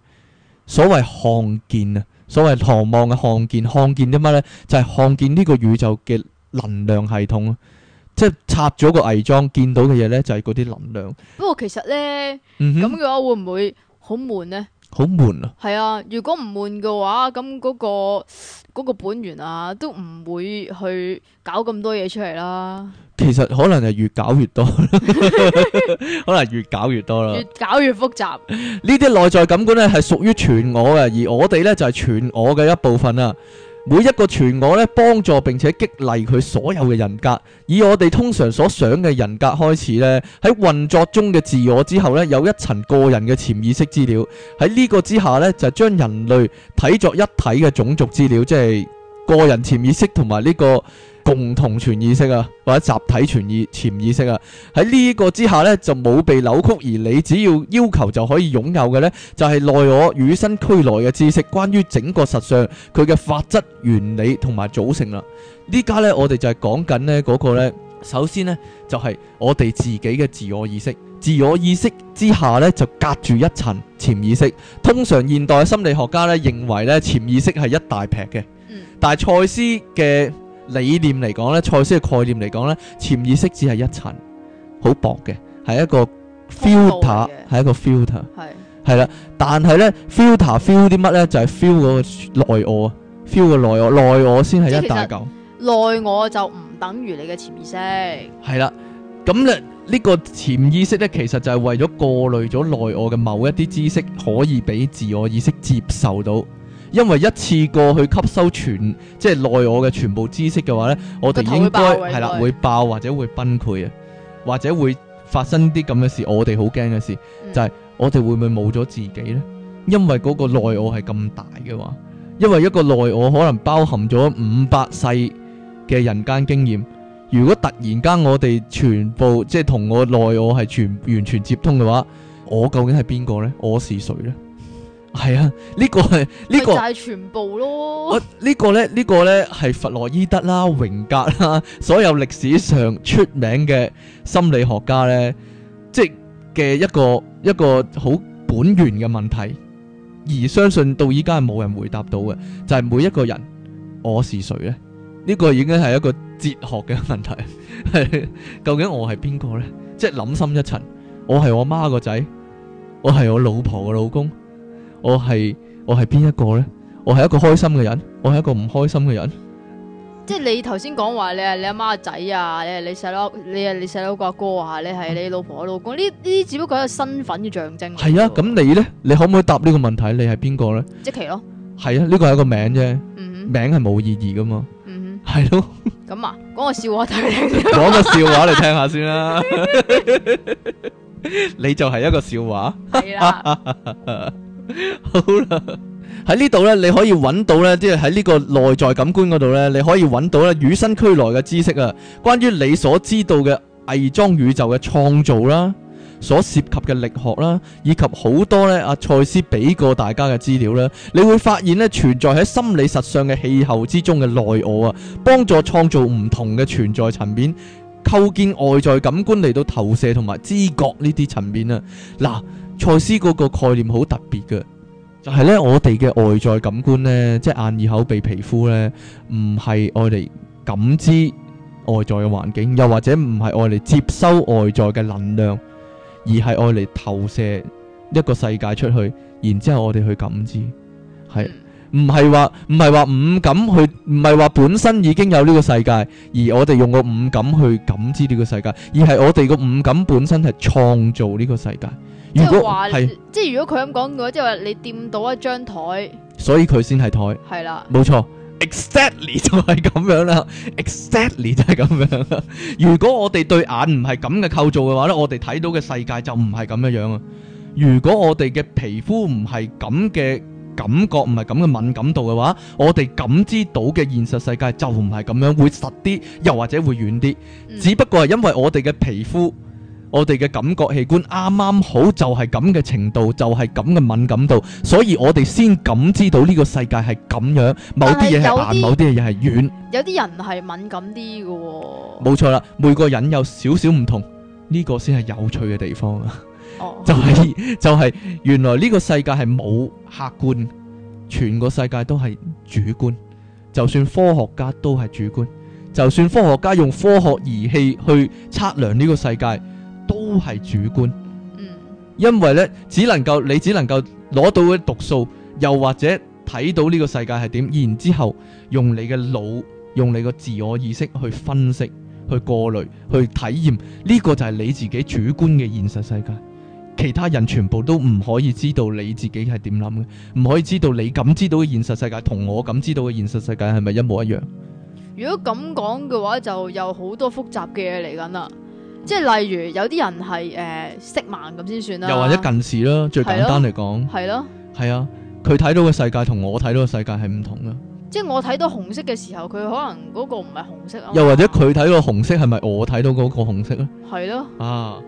所謂看見啊，所謂唐望嘅看見，看見點乜咧？就係、是、看見呢個宇宙嘅能量系統，即係插咗個偽裝，見到嘅嘢呢就係嗰啲能量。不過其實呢，咁嘅話會唔會好悶呢？好悶啊！係啊，如果唔悶嘅話，咁嗰、嗰個、嗰個本源啊，都唔會去搞咁多嘢出嚟啦。其實可能係越搞越多， [LAUGHS] [LAUGHS] 可能越搞越多啦。越搞越複雜。呢啲內在感官咧係屬於全我嘅，而我哋咧就係、係、全我嘅一部分啊。每一個全我咧幫助並且激勵佢所有嘅人格，以我哋通常所想嘅人格開始呢，喺運作中嘅自我之後呢，有一層個人嘅潛意識資料。喺呢個之下呢，就是將人類睇作一體嘅種族資料，即係。個人潛意識同埋呢個共同潛意識啊，或者集體潛意潛意識啊，喺呢一個之下呢，就冇被扭曲而你只要要求就可以擁有嘅呢，就係、是、內我與生俱來嘅知識，關於整個實相佢嘅法則原理同埋組成啦、啊。呢家呢，我哋就係講緊呢嗰個呢。首先呢，就係、是、我哋自己嘅自我意識，自我意識之下呢，就隔住一層潛意識。通常現代心理學家呢，認為呢潛意識係一大劈嘅。嗯、但係賽斯嘅理念嚟講呢，賽斯嘅概念嚟講呢，潛意識只係一層，好薄嘅，係一個 filter，係一個 filter，係係啦的。但係呢 filter feel 啲乜呢？就係、是、feel 嗰個內我，feel 個內我，內我先係一大嚿。內我就唔等於你嘅潛意識。係啦，咁咧呢個潛意識呢，其實就係為咗過濾咗內我嘅某一啲知識，可以俾自我意識接受到。因為一次過去吸收全，即係內我嘅全部知識嘅話呢，我哋應該係啦，頭會爆，係嘅，會爆或者會崩潰啊，或者會發生啲咁嘅事，我哋好驚嘅事，嗯、就係我哋會唔會冇咗自己呢？因為嗰個內我係咁大嘅話，因為一個內我可能包含咗五百世嘅人間經驗，如果突然間我哋全部即係同我內我係全完全接通嘅話，我究竟係邊個呢？我是誰呢？係啊，呢、這個係呢、這個就係全部咯。啊這個、呢、這個咧，呢個咧係弗洛伊德啦、榮格啦，所有歷史上出名嘅心理學家咧，即係嘅一個一個好本源嘅問題，而相信到依家係冇人回答到嘅，就係、是、每一個人，我是誰咧？呢、這個已經係一個哲學嘅問題，係 [LAUGHS] 究竟我係邊個咧？即係諗深一層，我係我媽個仔，我係我老婆嘅老公。我係我係邊一個咧？我係一個開心嘅人，我係一個唔開心嘅人。即係你頭先講話，你係你阿媽仔啊，你係你細佬，你係你細佬個阿哥啊，你係你老婆嘅老公。呢呢啲只不過係一個身份嘅象徵。係啊，咁你咧，你可唔可以答呢個問題？你係邊個咧？即奇咯。係啊，呢個係一個名啫，名係冇意義噶嘛。嗯，係咯。咁啊，講個笑話嚟聽，講個笑話嚟聽下先啦。你就係一個笑話。係啦。 [LAUGHS] 好啦，喺呢度咧，你可以揾到呢，即係喺呢個內在感官嗰度咧，你可以揾到咧與生俱來嘅知識啊，關於你所知道嘅偽裝宇宙嘅創造啦，所涉及嘅力學啦，以及好多呢，阿賽斯俾過大家嘅資料啦，你會發現呢，存在喺心理實相嘅氣候之中嘅內我啊，幫助創造唔同嘅存在層面，構建外在感官嚟，到投射同埋知覺呢啲層面啊，嗱。賽斯嗰個概念好特別嘅，就係呢，我哋嘅外在感官呢，即係眼、耳、口、鼻、皮膚呢，唔係愛嚟感知外在嘅環境，又或者唔係愛嚟接收外在嘅能量，而係愛嚟投射一個世界出去，然之後我哋去感知，係，唔係話，唔係話五感去，唔係話本身已經有呢個世界，而我哋用個五感去感知呢個世界，而係我哋個五感本身係創造呢個世界。即係話係，即係如果佢咁講嘅話，即係話你掂到一張台，所以佢先係台，係啦，冇錯，exactly 就係咁樣啦，exactly 就係咁樣啦。如果我哋對眼唔係咁嘅構造嘅話咧，我哋睇到嘅世界就唔係咁樣樣啊。如果我哋嘅皮膚唔係咁嘅感覺，唔係咁嘅敏感度嘅話，我哋感知到嘅現實世界就唔係咁樣，會實啲，又或者會軟啲。只不過係因為我哋嘅皮膚。我哋嘅感覺器官啱啱好就係咁嘅程度，就係咁嘅敏感度，所以我哋先感知到呢個世界係咁樣，某啲嘢係硬，某啲嘢又係軟。有啲人係敏感啲嘅、哦，冇錯啦。每個人有少少唔同，呢、這個先係有趣嘅地方啊、oh. [LAUGHS] 就是。就係就係原來呢個世界係冇客觀，全個世界都係主觀，就算科學家都係主觀，就算科學家用科學儀器去測量呢個世界。都係主觀，嗯、因為呢只能夠你只能夠攞到嘅讀數，又或者睇到呢個世界係點，然之後用你嘅腦，用你個自我意識去分析、去過濾、去體驗，呢、這個就係你自己主觀嘅現實世界。其他人全部都唔可以知道你自己係點諗嘅，唔可以知道你感知到嘅現實世界同我感知到嘅現實世界係咪一模一樣。如果咁講嘅話，就有好多複雜嘅嘢嚟緊啦。即係例如有啲人係誒、呃、色盲咁先算啦，又或者近視啦。最簡單嚟講係咯，係啊，佢睇到個世界同我睇到個世界係唔同啦。即係我睇到紅色嘅時候，佢可能嗰個唔係紅色啊，又或者佢睇到紅色係咪我睇到嗰個紅色咧？係咯的，啊。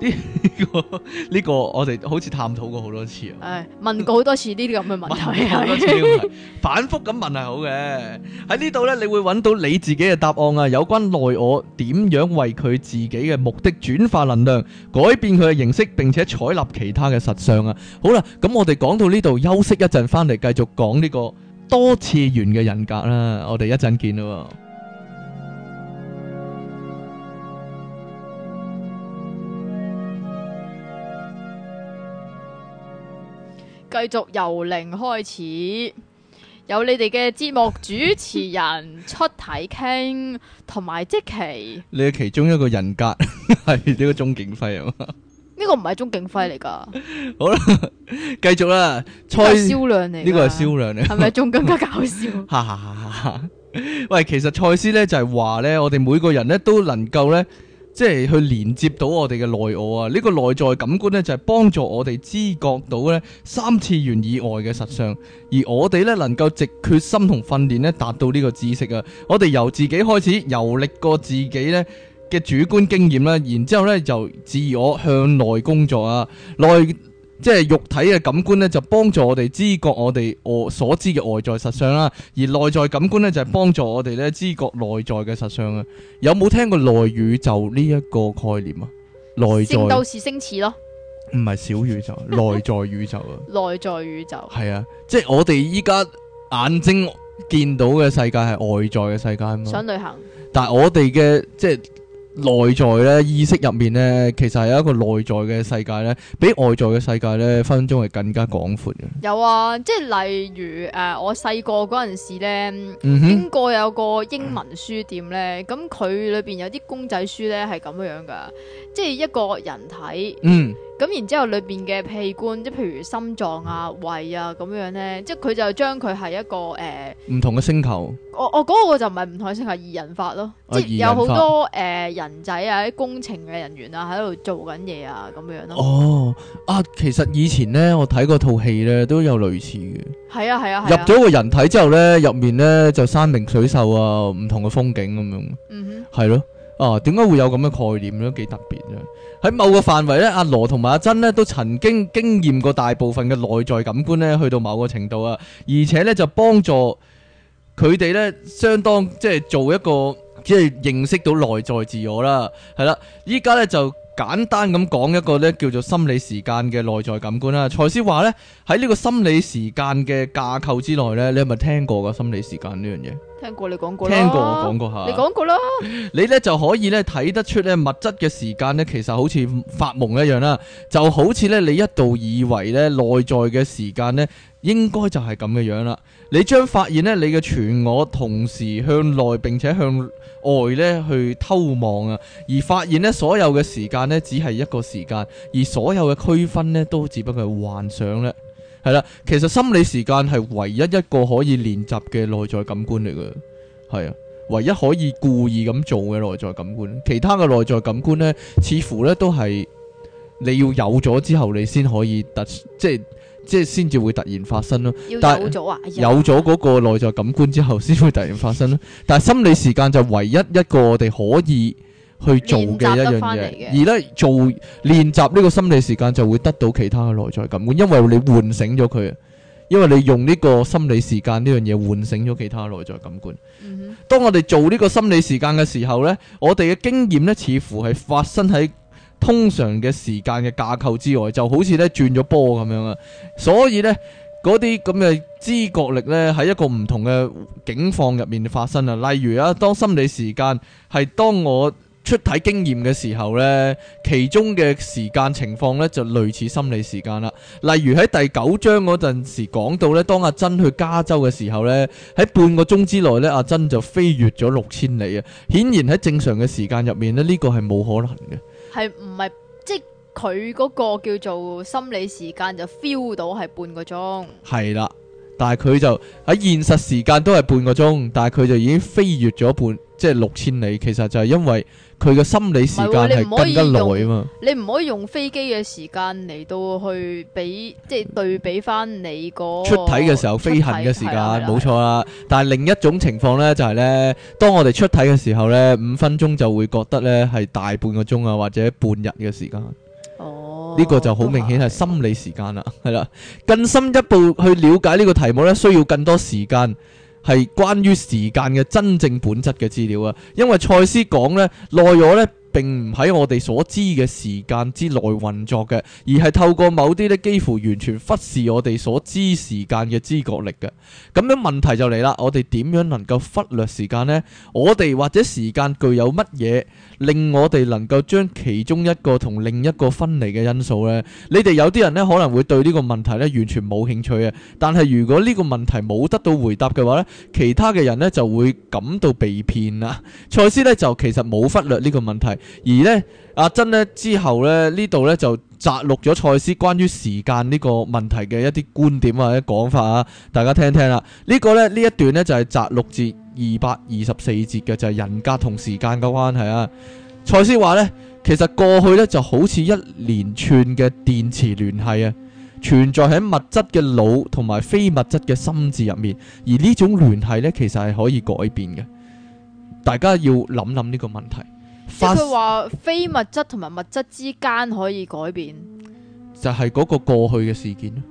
呢 [LAUGHS] 個呢個，我哋好似探討過好多次啊！係問過好多次呢啲咁嘅問題， [LAUGHS] 問 [LAUGHS] 反覆咁問係好嘅。喺呢度咧，你會揾到你自己嘅答案啊！有關內我點樣為佢自己嘅目的轉化能量，改變佢嘅形式，並且採納其他嘅實相啊！好啦，咁我哋講到呢度，休息一陣，翻嚟繼續講呢個多次元嘅人格啦。我哋一陣見啦！繼續由零開始，有你哋嘅節目主持人出題傾，同埋即其，你嘅其中一個人格係呢 [LAUGHS] 個鍾景輝啊嘛？呢 [LAUGHS] 個唔係鍾景輝嚟噶，好啦，繼續啦，賽斯銷量嚟，呢個係銷量嚟，係咪仲更加搞笑？哈哈哈！喂，其實賽斯咧就係話咧，我哋每個人咧都能夠咧。即係去連接到我哋嘅內我啊，呢、這個內在感官呢，就係、是、幫助我哋知覺到咧三次元以外嘅實相，而我哋呢，能夠藉決心同訓練呢，達到呢個知識啊，我哋由自己開始，遊歷過自己咧嘅主觀經驗啦，啊，然之後呢，就自我向內工作啊，內。即係肉體嘅感官咧，就幫助我哋知覺我哋外所知嘅外在實相啦。而內在感官咧，就係、是、幫助我哋咧知覺內在嘅實相啊。有冇聽過內宇宙呢一個概念啊？內在。到星矢咯。唔係小宇宙，內在宇宙啊。內在宇宙。係 [LAUGHS] 啊，即係我哋依家眼睛見到嘅世界係外在嘅世界啊嘛。想旅行。但係我哋嘅即係。內在咧意識入面咧，其實係有一個內在嘅世界咧，比外在嘅世界咧分分鐘係更加廣闊嘅。有啊，即係例如誒、呃，我細個嗰陣時咧，嗯、哼經過有個英文書店咧，咁佢裏邊有啲公仔書咧係咁樣㗎。即係一個人體，咁、嗯、然之後裏邊嘅器官，即譬如心臟啊、胃啊咁樣咧，即係佢就將佢係一個誒唔、呃、同嘅星球。我我嗰個就唔係唔同星球二人法咯，啊、法即係有好多誒、呃、人仔啊，啲工程嘅人員啊喺度做緊嘢啊咁樣咯。哦啊，其實以前咧我睇過套戲咧都有類似嘅。係啊係啊，入咗、啊啊啊啊、個人體之後咧，入面咧就山明水秀啊，唔同嘅風景咁樣。嗯哼，係咯、嗯。哦，點解、啊、會有咁嘅概念咧？幾特別嘅。喺某個範圍咧，阿羅同埋阿珍咧都曾經經驗過大部分嘅內在感官咧，去到某個程度啊，而且咧就幫助佢哋咧，相當即係做一個即係認識到內在自我啦。係啦，依家咧就簡單咁講一個咧叫做心理時間嘅內在感官啦。賽斯話咧，喺呢個心理時間嘅架構之內咧，你係咪聽過個心理時間呢樣嘢？聽過，你講過啦，聽過我講過吓，你講過啦， [LAUGHS] 你呢就可以呢睇得出呢物質嘅時間呢，其實好似發夢一樣啦，就好似呢，你一度以為呢內在嘅時間呢應該就係咁嘅樣啦，你將發現呢，你嘅全我同時向內並且向外呢去偷望啊，而發現呢所有嘅時間呢只係一個時間，而所有嘅區分呢都只不過係幻想啦。.係啦，其實心理時間係唯一一個可以練習嘅內在感官嚟嘅，係啊，唯一可以故意咁做嘅內在感官。其他嘅內在感官呢，似乎呢都係你要有咗之後，你先可以突即係即係先至會突然發生咯。要有咗啊、但有有咗嗰個內在感官之後，先會突然發生咯。 [LAUGHS] 但係心理時間就唯一一個我哋可以。去做嘅一樣嘢，而呢做練習呢個心理時間，就會得到其他嘅內在感官，因為你喚醒咗佢，因為你用呢個心理時間呢樣嘢喚醒咗其他內在感官。當我哋做呢個心理時間嘅時候呢，我哋嘅經驗呢似乎係發生喺通常嘅時間嘅架構之外，就好似呢轉咗波咁樣啊！所以呢嗰啲咁嘅知覺力呢喺一個唔同嘅境況入面發生啊。例如啊，當心理時間係當我出體經驗嘅時候呢，其中嘅時間情況呢，就類似心理時間啦。例如喺第九章嗰陣時講到呢，當阿珍去加州嘅時候呢，喺半個鐘之內呢，阿珍就飛越咗六千里啊！顯然喺正常嘅時間入面呢，呢個係冇可能嘅。係唔係即係佢嗰個叫做心理時間就 feel 到係半個鐘？係啦。但係佢就喺現實時間都係半個鐘，但係佢就已經飛越咗半，即係六千里。其實就係因為佢嘅心理時間係更加耐啊嘛。你唔可以用飛機嘅時間嚟到去比，即係對比翻你嗰、那個、出體嘅時候飛行嘅時間，冇錯啦。但係另一種情況呢，就係、是、呢：當我哋出體嘅時候呢，五分鐘就會覺得呢係大半個鐘啊，或者半日嘅時間。呢個就好明顯係心理時間啦，係啦、哦，了更深一步去了解呢個題目呢，需要更多時間，係關於時間嘅真正本質嘅資料啊。因為賽斯講呢，內我呢並唔喺我哋所知嘅時間之內運作嘅，而係透過某啲呢幾乎完全忽視我哋所知時間嘅知覺力嘅。咁樣問題就嚟啦，我哋點樣能夠忽略時間呢？我哋或者時間具有乜嘢？令我哋能夠將其中一個同另一個分離嘅因素呢，你哋有啲人咧可能會對呢個問題咧完全冇興趣啊。但係如果呢個問題冇得到回答嘅話呢，其他嘅人咧就會感到被騙啦。賽斯呢就其實冇忽略呢個問題，而呢阿珍呢之後咧呢度呢，就摘錄咗賽斯關於時間呢個問題嘅一啲觀點或者啲講法啊，大家聽聽啦。這個、呢個咧呢一段呢，就係、是、摘錄字。二百二十四節嘅就係人格同時間嘅關係啊！賽斯話呢，其實過去呢就好似一連串嘅電磁聯繫啊，存在喺物質嘅腦同埋非物質嘅心智入面，而呢種聯繫呢，其實係可以改變嘅。大家要諗諗呢個問題。即係佢話非物質同埋物質之間可以改變，就係嗰個過去嘅事件咯。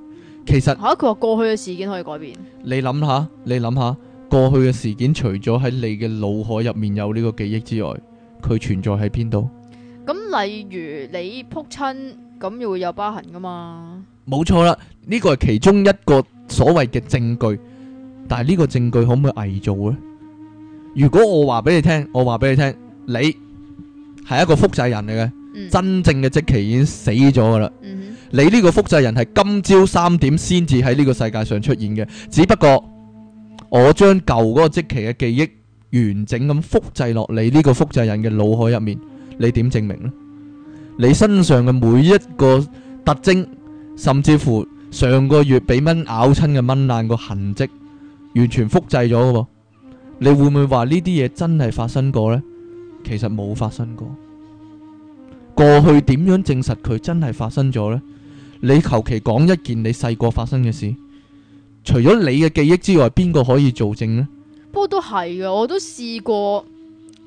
其實吓，佢話過去嘅事件可以改變，你諗下，你諗下。過去嘅事件除咗喺你嘅腦海入面有呢個記憶之外，佢存在喺邊度？咁、嗯、例如你撲親，咁又會有疤痕噶嘛？冇錯啦，呢個係其中一個所謂嘅證據。但係呢個證據可唔可以偽造呢？如果我話俾你聽，我話俾你聽，你係一個複製人嚟嘅，嗯、真正嘅積奇已經死咗噶啦。嗯、哼你呢個複製人係今朝三點先至喺呢個世界上出現嘅，只不過。我將舊嗰個即期嘅記憶完整咁複製落你呢個複製人嘅腦海入面，你點證明呢？你身上嘅每一個特徵，甚至乎上個月俾蚊咬親嘅蚊爛個痕跡，完全複製咗喎。你會唔會話呢啲嘢真係發生過呢？其實冇發生過。過去點樣證實佢真係發生咗呢？你求其講一件你細個發生嘅事。除咗你嘅記憶之外，邊個可以做證呢？不過都係嘅，我都試過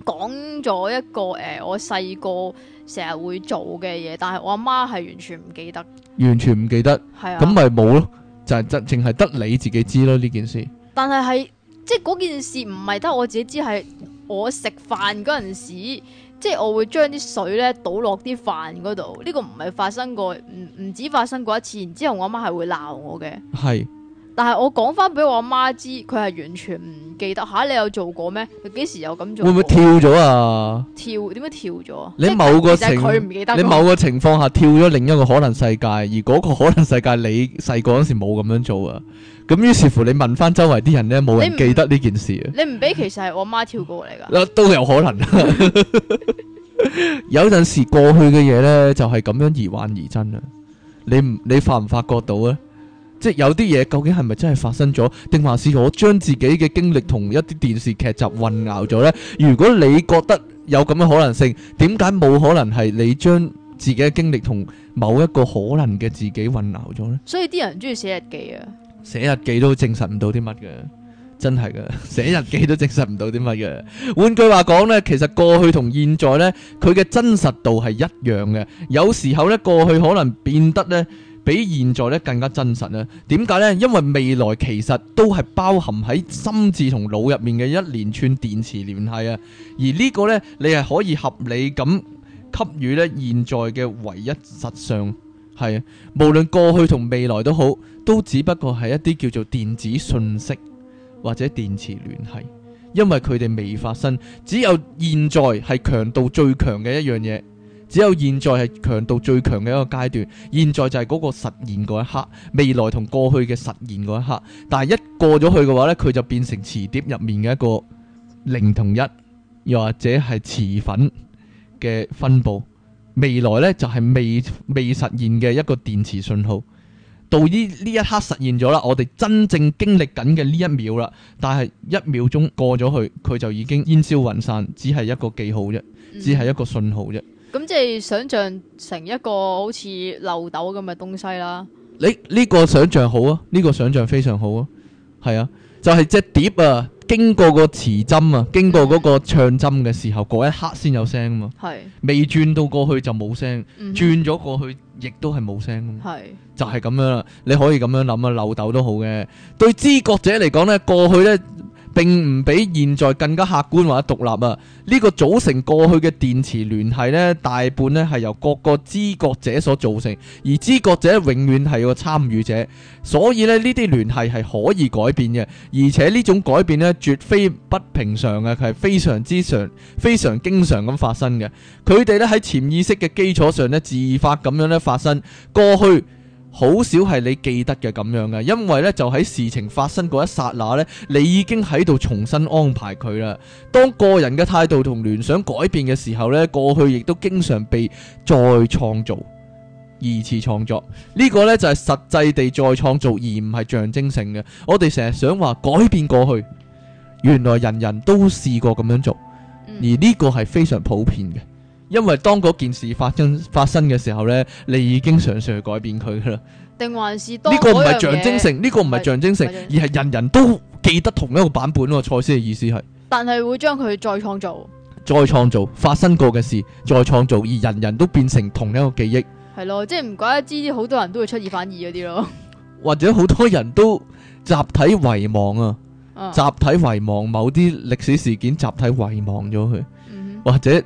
講咗一個誒、呃，我細個成日會做嘅嘢，但係我阿媽係完全唔記，記得，完全唔記得，係咁咪冇咯，就係淨係得你自己知咯呢件事。但係係即係嗰件事唔係得我自己知，係我食飯嗰陣時，即係我會將啲水咧倒落啲飯嗰度，呢、呢個唔係發生過，唔唔止發生過一次。然之後我阿媽係會鬧我嘅，係。但係我講翻俾我阿媽知，佢係完全唔記得吓、啊，你有做過咩？佢幾時有咁做？會唔會跳咗啊？跳點解跳咗啊？你某個情，佢唔記得。你某個情況下跳咗另一個可能世界，而嗰個可能世界你細個嗰時冇咁樣做啊？咁於是乎，你問翻周圍啲人咧，冇人記得呢件事啊？你唔俾，其實係我阿媽跳過嚟噶、啊。都有可能。 [LAUGHS] [LAUGHS] [LAUGHS] 有陣時過去嘅嘢呢，就係、是、咁樣疑幻疑真啊！你唔你發唔發覺到啊？即係有啲嘢究竟係咪真係發生咗，定還是我將自己嘅經歷同一啲電視劇集混淆咗呢？如果你覺得有咁嘅可能性，點解冇可能係你將自己嘅經歷同某一個可能嘅自己混淆咗呢？所以啲人中意寫日記啊，寫日記都證實唔到啲乜嘅，真係嘅，寫日記都證實唔到啲乜嘅。換句話講呢，其實過去同現在呢，佢嘅真實度係一樣嘅。有時候呢，過去可能變得呢，比現在咧更加真實咧？點解呢？因為未來其實都係包含喺心智同腦入面嘅一連串電磁聯繫啊！而呢個呢，你係可以合理咁給予呢現在嘅唯一實相係啊。無論過去同未來都好，都只不過係一啲叫做電子信息或者電磁聯繫，因為佢哋未發生，只有現在係強度最強嘅一樣嘢。只有現在係強度最強嘅一個階段，現在就係嗰個實現嗰一刻，未來同過去嘅實現嗰一刻。但係一過咗去嘅話呢，佢就變成磁碟入面嘅一個零同一，又或者係磁粉嘅分佈。未來呢就係未未實現嘅一個電磁信號，到呢呢一刻實現咗啦，我哋真正經歷緊嘅呢一秒啦。但係一秒鐘過咗去，佢就已經煙消雲散，只係一個記號啫，只係一個信號啫。嗯咁即係想象成一個好似漏斗咁嘅東西啦。你呢個想象好啊，呢個想象非常好啊，係啊，就係隻碟啊，經過個磁針啊，經過嗰個唱針嘅時候，嗰一刻先有聲啊嘛。係。未轉到過去就冇聲，轉咗過去亦都係冇聲啊嘛。係。就係咁樣啦，你可以咁樣諗啊，漏斗都好嘅。對知覺者嚟講呢，過去呢。並唔比現在更加客觀或者獨立啊！呢、這個組成過去嘅電磁聯繫呢，大半咧係由各個知覺者所造成，而知覺者永遠係個參與者，所以咧呢啲聯繫係可以改變嘅，而且呢種改變呢，絕非不平常嘅，係非常之常、非常經常咁發生嘅。佢哋呢，喺潛意識嘅基礎上呢，自發咁樣咧發生過去。好少係你記得嘅咁樣嘅，因為呢，就喺事情發生嗰一剎那呢，你已經喺度重新安排佢啦。當個人嘅態度同聯想改變嘅時候呢，過去亦都經常被再創造、二次創作。呢個呢，就係實際地再創造，而唔係象徵性嘅。我哋成日想話改變過去，原來人人都試過咁樣做，而呢個係非常普遍嘅。因為當嗰件事發生發生嘅時候呢，你已經嘗試去改變佢啦。定還是當呢個唔係象徵性，呢、這個唔係象徵性，而係人人都記得同一個版本。賽斯嘅意思係，但係會將佢再創造，再創造發生過嘅事，再創造而人人都變成同一個記憶。係咯，即係唔怪得知好多人都會出爾反爾嗰啲咯。或者好多人都集體遺忘啊，嗯、集體遺忘某啲歷史事件，集體遺忘咗佢，嗯、哼或者。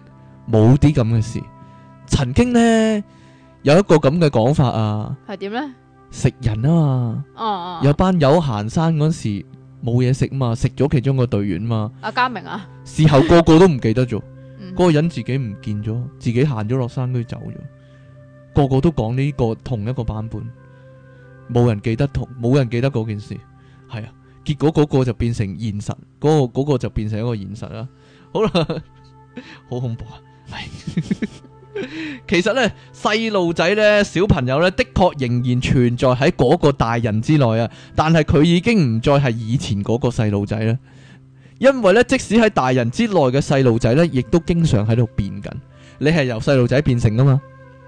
冇啲咁嘅事，曾經呢，有一個咁嘅講法啊，係點呢？食人啊嘛，哦、uh, uh, 有班友行山嗰陣時冇嘢食啊嘛，食咗其中個隊員啊嘛，阿嘉、uh, 明啊，事後個個都唔記得咗，嗰、 [LAUGHS] 嗯、個人自己唔見咗，自己行咗落山佢走咗，個個都講呢個同一個版本，冇人記得同冇人記得嗰件事，係啊，結果嗰個就變成現實，嗰、嗰個、嗰個就變成一個現實啦，好啦， [LAUGHS] 好恐怖啊！ [LAUGHS] 其實咧，細路仔呢，小朋友呢，呢，的確仍然存在喺嗰個大人之內啊。但係佢已經唔再係以前嗰個細路仔啦。因為咧，即使喺大人之內嘅細路仔呢，亦都經常喺度變緊。你係由細路仔變成噶嘛？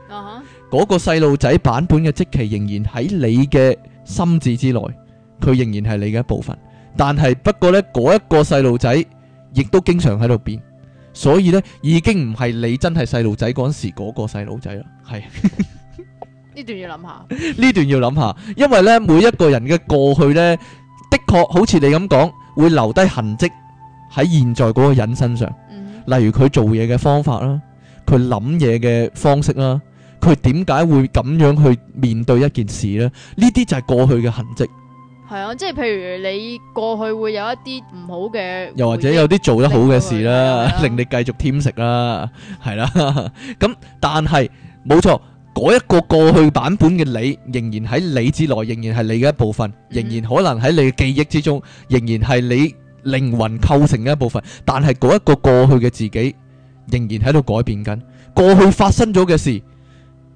嗰、uh huh. 個細路仔版本嘅積期仍然喺你嘅心智之內，佢仍然係你嘅一部分。但係不過呢，嗰一個細路仔亦都經常喺度變。所以咧，已經唔係你真係細路仔嗰陣時嗰個細路仔啦。係呢 [LAUGHS] 段要諗下，呢 [LAUGHS] 段要諗下，因為咧，每一個人嘅過去咧，的確好似你咁講，會留低痕跡喺現在嗰個人身上，嗯、哼例如佢做嘢嘅方法啦，佢諗嘢嘅方式啦，佢點解會咁樣去面對一件事咧？呢啲就係過去嘅痕跡。係啊，即係譬如你過去會有一啲唔好嘅，又或者有啲做得好嘅事啦，令你繼續添食啦，係啦。咁但係冇錯，嗰一個過去版本嘅你，仍然喺你之內，仍然係你嘅一部分，仍然可能喺你嘅記憶之中，仍然係你靈魂構成嘅一部分。但係嗰一個過去嘅自己，仍然喺度改變緊，過去發生咗嘅事，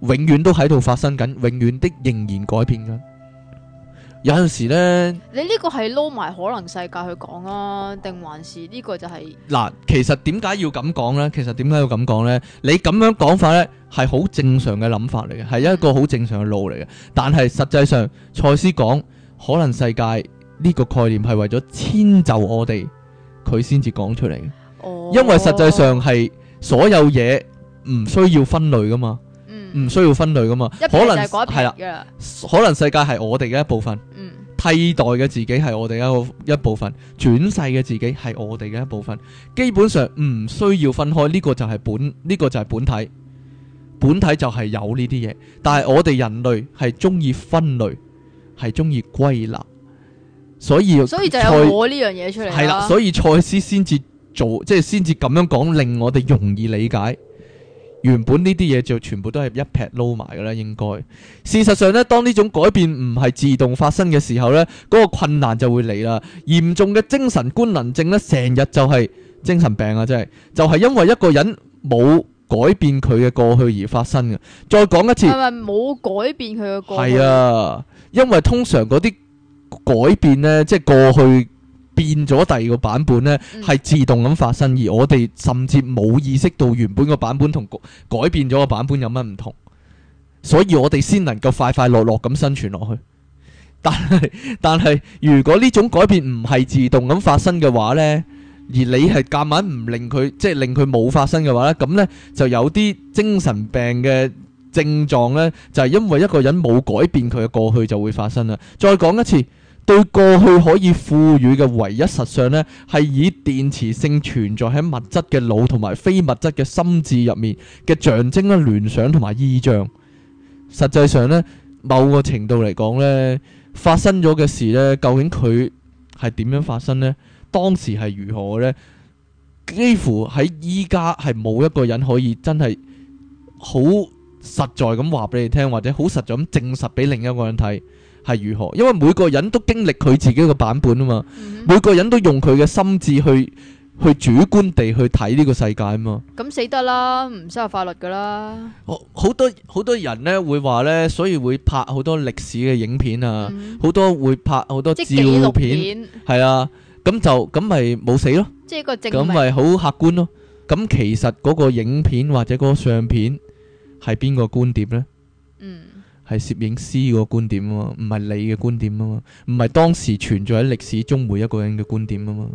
永遠都喺度發生緊，永遠的仍然改變緊。有陣時咧，你呢個係撈埋可能世界去講啊，定還是呢個就係、是、嗱？其實點解要咁講呢？其實點解要咁講呢？你咁樣講法呢，係好正常嘅諗法嚟嘅，係一個好正常嘅路嚟嘅。但係實際上，賽斯講可能世界呢個概念係為咗遷就我哋，佢先至講出嚟嘅。哦、因為實際上係所有嘢唔需要分類噶嘛。唔需要分類噶嘛。可能係啦，可能世界係我哋嘅一部分，嗯、替代嘅自己係我哋一個一部分，轉世嘅自己係我哋嘅一部分。基本上唔需要分開，呢、這個就係本，呢、這個就係本體。本體就係有呢啲嘢，但係我哋人類係中意分類，係中意歸納，所以所以就有我呢樣嘢出嚟。係啦，所以賽斯先至做，即係先至咁樣講，令我哋容易理解。原本呢啲嘢就全部都係一劈撈埋噶啦。應該事實上呢，當呢種改變唔係自動發生嘅時候呢，嗰個困難就會嚟啦。嚴重嘅精神官能症呢，成日就係精神病啊！真係就係、是就是、因為一個人冇改變佢嘅過去而發生嘅。再講一次，係咪冇改變佢嘅過去？係啊，因為通常嗰啲改變呢，即係過去。變咗第二個版本咧，係自動咁發生，而我哋甚至冇意識到原本個版本同改改變咗個版本有乜唔同，所以我哋先能夠快快樂樂咁生存落去。但係但係，如果呢種改變唔係自動咁發生嘅話咧，而你係夾硬唔令佢即係令佢冇發生嘅話咧，咁咧就有啲精神病嘅症狀咧，就係因為一個人冇改變佢嘅過去就會發生啦。再講一次。對過去可以賦予嘅唯一實相呢係以電磁性存在喺物質嘅腦同埋非物質嘅心智入面嘅象徵呢、聯想同埋意象。實際上呢，某個程度嚟講呢，發生咗嘅事呢，究竟佢係點樣發生呢？當時係如何呢？幾乎喺依家係冇一個人可以真係好實在咁話俾你聽，或者好實在咁證實俾另一個人睇。係如何？因為每個人都經歷佢自己個版本啊嘛，嗯、每個人都用佢嘅心智去去主觀地去睇呢個世界啊嘛。咁、嗯、死得啦，唔適合法律噶啦。好、哦、多好多人呢會話呢，所以會拍好多歷史嘅影片啊，好、嗯、多會拍好多紀錄片。係啊，咁就咁咪冇死咯。即係個證明。咁咪好客觀咯。咁其實嗰個影片或者嗰個相片係邊個觀點呢？嗯。係攝影師個觀點啊嘛，唔係你嘅觀點啊嘛，唔係當時存在喺歷史中每一個人嘅觀點啊嘛，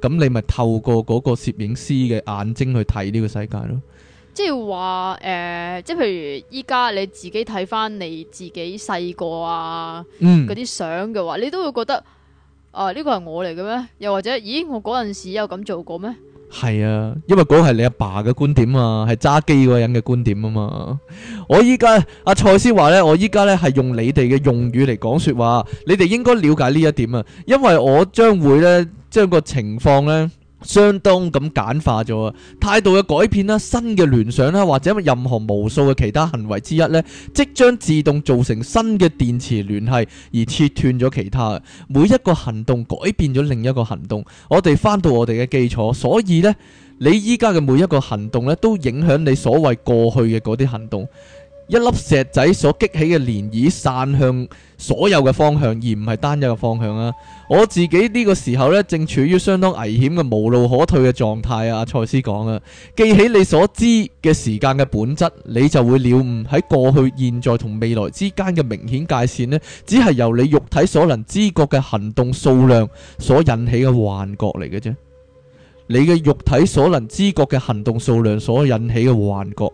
咁你咪透過嗰個攝影師嘅眼睛去睇呢個世界咯，呃。即係話誒，即係譬如依家你自己睇翻你自己細個啊嗰啲，嗯、相嘅話，你都會覺得啊呢個係我嚟嘅咩？又或者咦我嗰陣時有咁做過咩？係啊，因為嗰個係你阿爸嘅觀點啊，係揸機嗰個人嘅觀點啊嘛。我依家阿賽斯話咧，我依家咧係用你哋嘅用語嚟講說話，你哋應該了解呢一點啊，因為我將會咧將個情況咧。相當咁簡化咗啊！態度嘅改變啦，新嘅聯想啦，或者任何無數嘅其他行為之一呢，即將自動造成新嘅電磁聯繫而切斷咗其他，每一個行動改變咗另一個行動。我哋返到我哋嘅基礎，所以呢，你依家嘅每一個行動呢，都影響你所謂過去嘅嗰啲行動。一粒石仔所激起嘅漣漪散向所有嘅方向，而唔係單一嘅方向啊！我自己呢個時候咧，正處於相當危險嘅無路可退嘅狀態啊。賽斯講啊，記起你所知嘅時間嘅本質，你就會了悟喺過去、現在同未來之間嘅明顯界線咧，只係由你肉體所能知覺嘅行動數量所引起嘅幻覺嚟嘅啫。你嘅肉體所能知覺嘅行動數量所引起嘅幻覺，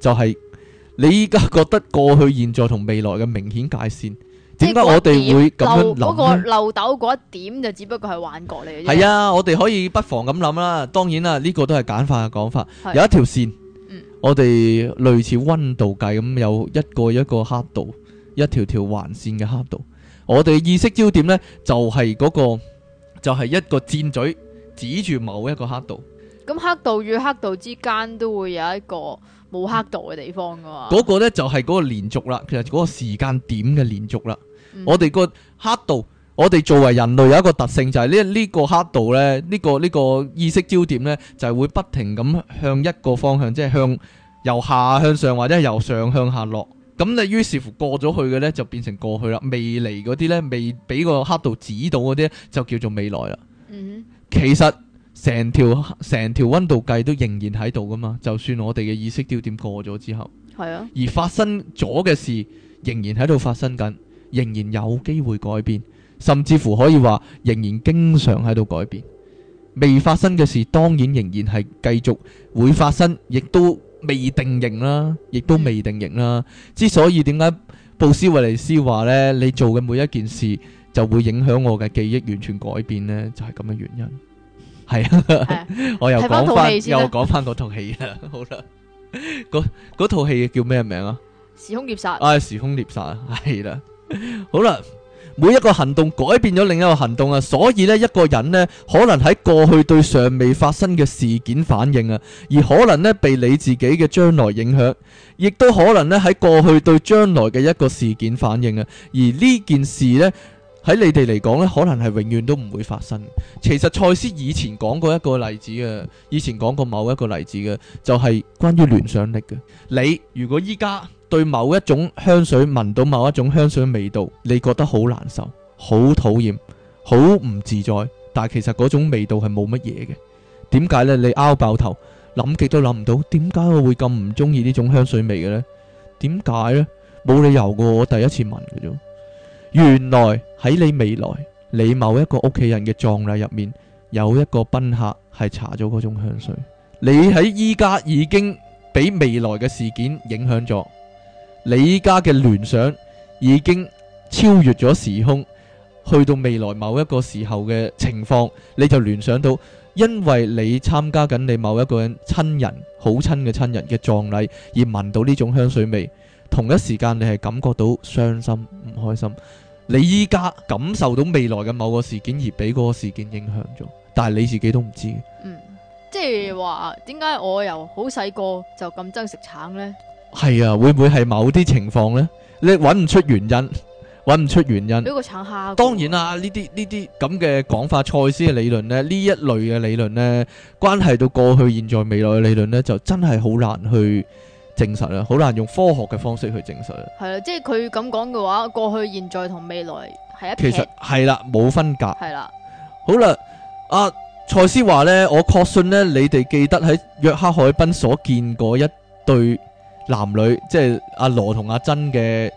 就係、是。你依家覺得過去、現在同未來嘅明顯界線，點解我哋會咁樣諗？嗰個漏斗嗰一點就只不過係幻覺嚟嘅。係啊，我哋可以不妨咁諗啦。當然啦，呢、這個都係簡化嘅講法。是有一條線，嗯、我哋類似溫度計咁有一個一個刻度，一條條橫線嘅刻度。我哋意識焦點呢？就係、是、嗰、那個，就係、是、一個箭嘴指住某一個刻度。咁刻度與刻度之間都會有一個。冇黑度嘅地方噶，嗰個呢就係、是、嗰個連續啦，其實嗰個時間點嘅連續啦、嗯哼，我哋個黑度，我哋作為人類有一個特性就係呢呢個黑度咧，呢、這個呢、這個意識焦點呢，就係、是、會不停咁向一個方向，即、就、係、是、向由下向上或者由上向下落，咁你於是乎過咗去嘅呢，就變成過去啦，未嚟嗰啲呢，未俾個黑度指導嗰啲就叫做未來啦。嗯、哼其實。成條成條温度計都仍然喺度㗎嘛，就算我哋嘅意識焦點過咗之後，係啊，而發生咗嘅事仍然喺度發生緊，仍然有機會改變，甚至乎可以話仍然經常喺度改變。未發生嘅事當然仍然係繼續會發生，亦都未定型啦，亦都未定型啦。之所以點解布斯維尼斯話呢，你做嘅每一件事就會影響我嘅記憶完全改變呢？就係咁嘅原因。係啊，我又講翻，又講翻嗰套戲啦。好啦，嗰嗰套戲叫咩名啊？時空獵殺，啊，時空獵殺，係啦。好啦，每一個行動改變咗另一個行動啊，所以呢，一個人呢，可能喺過去對尚未發生嘅事件反應啊，而可能呢被你自己嘅將來影響，亦都可能呢喺過去對將來嘅一個事件反應啊，而呢件事呢。喺你哋嚟講呢，可能係永遠都唔會發生。其實賽斯以前講過一個例子嘅，以前講過某一個例子嘅，就係關於聯想力嘅。 [MUSIC] 你如果依家對某一種香水聞到某一種香水味道，你覺得好難受、好討厭、好唔自在，但係其實嗰種味道係冇乜嘢嘅。點解呢？你拗爆頭，諗極都諗唔到，點解我會咁唔中意呢種香水味嘅呢？點解呢？冇理由噶，我第一次聞嘅。原來喺你未來，你某一個屋企人嘅葬禮入面，有一個賓客係搽咗嗰種香水。你喺依家已經俾未來嘅事件影響咗，你依家嘅聯想已經超越咗時空，去到未來某一個時候嘅情況，你就聯想到，因為你參加緊你某一個人親人、好親嘅親人嘅葬禮，而聞到呢種香水味，同一時間你係感覺到傷心。開心，你依家感受到未來嘅某個事件而俾嗰個事件影響咗，但係你自己都唔知。嗯，即係話點解我又好細個就咁憎食橙呢？係啊，會唔會係某啲情況呢？你揾唔出原因，揾唔出原因。呢個橙蝦。當然啦、啊，呢啲呢啲咁嘅講法、賽斯嘅理論呢，呢一類嘅理論呢，關係到過去、現在、未來嘅理論呢，就真係好難去。證實啊，好難用科學嘅方式去證實啊。係啦，即係佢咁講嘅話，過去、現在同未來係一其實係啦，冇分隔。係啦的，好啦，阿、啊、蔡思話呢，我確信呢，你哋記得喺約克海濱所見過一對男女，即係阿羅同阿珍嘅。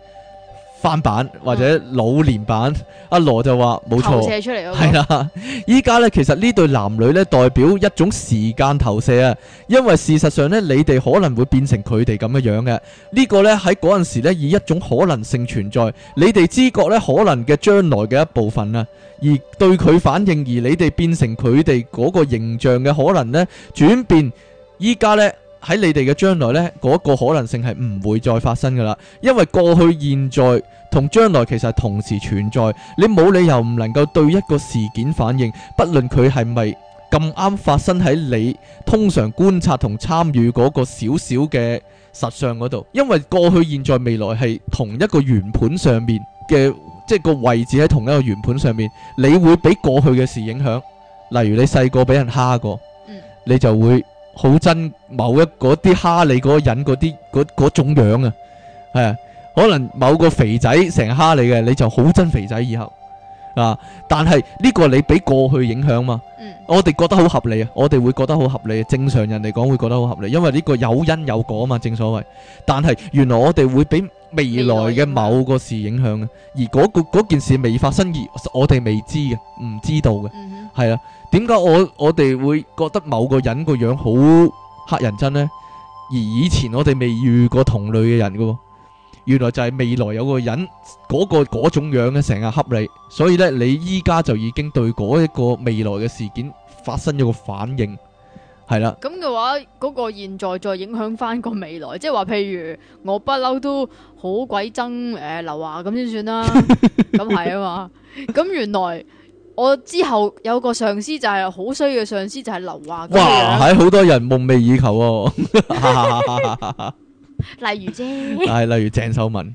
翻版或者老年版，阿羅、嗯啊、就話冇錯，係啦。依家呢，其實呢對男女呢代表一種時間投射啊。因為事實上呢，你哋可能會變成佢哋咁嘅樣嘅。呢、呢個呢，喺嗰陣時呢，以一種可能性存在。你哋知覺呢可能嘅將來嘅一部分啊，而對佢反應而，而你哋變成佢哋嗰個形象嘅可能呢，轉變。依家呢。喺你哋嘅將來呢，嗰個可能性係唔會再發生噶啦，因為過去、現在同將來其實係同時存在，你冇理由唔能夠對一個事件反應，不論佢係咪咁啱發生喺你通常觀察同參與嗰個小小嘅實相嗰度，因為過去、現在、未來係同一個圓盤上面嘅，即係個位置喺同一個圓盤上面，你會俾過去嘅事影響，例如你細個俾人蝦過，你就會。好憎某一嗰啲蝦你嗰個人嗰啲嗰嗰種樣啊，誒、啊，可能某個肥仔成日蝦你嘅，你就好憎肥仔以後啊，但係呢、呢個你俾過去影響嘛，嗯、我哋覺得好合理啊，我哋會覺得好合、合理，正常人嚟講會覺得好合理，因為呢個有因有果嘛，正所謂，但係原來我哋會俾。未來嘅某個事影響嘅，而嗰個件事未發生而我哋未知嘅，唔知道嘅，係啊、嗯哼？點解我我哋會覺得某個人個樣好乞人憎呢？而以前我哋未遇過同類嘅人噶，原來就係未來有個人嗰、嗰個嗰種樣咧，成日恰你，所以呢，你依家就已經對嗰一個未來嘅事件發生咗個反應。係啦，咁嘅話，嗰、那個現在再影響翻個未來，即係話，譬如我不嬲都好鬼憎誒劉華咁先算啦，咁係啊嘛，咁原來我之後有個上司就係好衰嘅上司就係劉華，那個、哇，喺好多人夢寐以求哦，例如啫，但係例如鄭秀文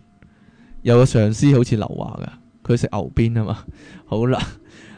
有個上司好似劉華噶，佢食牛鞭啊嘛，好啦。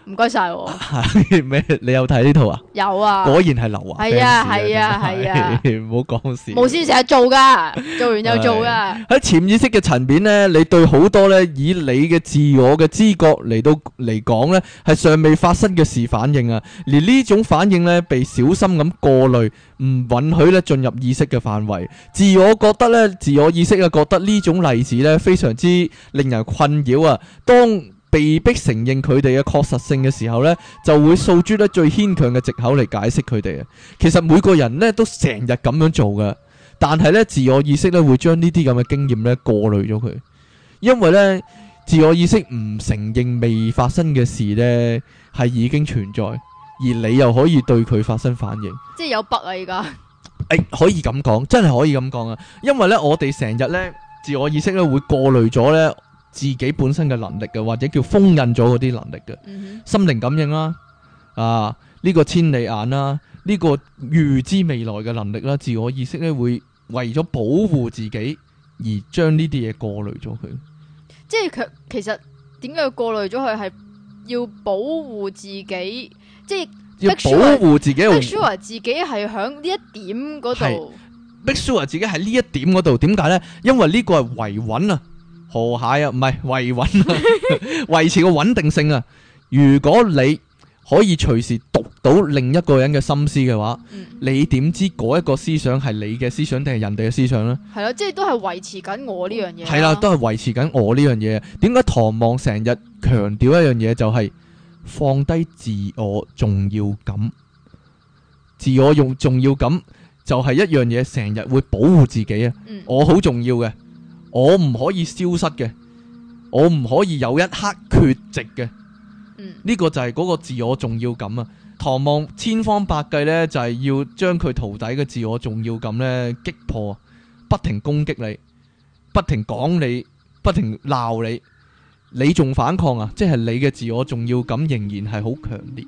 唔該晒，喎，咩？ [LAUGHS] 你有睇呢套啊？有啊，果然係劉華啊，係啊，係啊，係啊，唔好講事。無線成日做噶，做完又做噶。喺、啊、潛意識嘅層面呢，你對好多咧以你嘅自我嘅知覺嚟到嚟講呢，係尚未發生嘅事反應啊，而呢種反應呢，被小心咁過濾，唔允許咧進入意識嘅範圍。自我覺得呢，自我意識啊覺得呢種例子呢，非常之令人困擾啊。當被逼承認佢哋嘅確實性嘅時候呢，就會訴諸得最牽強嘅藉口嚟解釋佢哋啊。其實每個人呢都成日咁樣做㗎，但係呢，自我意識呢會將呢啲咁嘅經驗呢過濾咗佢，因為呢，自我意識唔承認未發生嘅事呢係已經存在，而你又可以對佢發生反應，即係有筆啊！而家、欸、可以咁講，真係可以咁講啊！因為呢，我哋成日呢，自我意識呢會過濾咗呢。自己本身嘅能力嘅，或者叫封印咗嗰啲能力嘅，嗯、哼心靈感應啦，啊呢、這個千里眼啦，呢、這個預知未來嘅能力啦，自我意識咧會為咗保護自己而將呢啲嘢過濾咗佢。即係佢其實點解要過濾咗佢係要保護自己？即係要保護自己逼 show 自己係響呢一點嗰度。逼是 show 自己喺呢一點嗰度，點解咧？因為呢個係維穩啊。河蟹啊，唔係維穩啊，維 [LAUGHS] 持個穩定性啊。如果你可以隨時讀到另一個人嘅心思嘅話，嗯、你點知嗰一個思想係你嘅思想定係人哋嘅思想呢？係咯、啊，即係都係維持緊我呢樣嘢。係啦、啊，都係維持緊我呢樣嘢。點解唐望成日強調一樣嘢就係放低自我重要感？自我用重要感就係一樣嘢，成日會保護自己啊。嗯、我好重要嘅。我唔可以消失嘅，我唔可以有一刻缺席嘅。嗯，呢個就係嗰個自我重要感啊。唐望千方百計呢，就係、是、要將佢徒弟嘅自我重要感呢擊破，不停攻擊你，不停講你，不停鬧你，你仲反抗啊？即係你嘅自我重要感仍然係好強烈。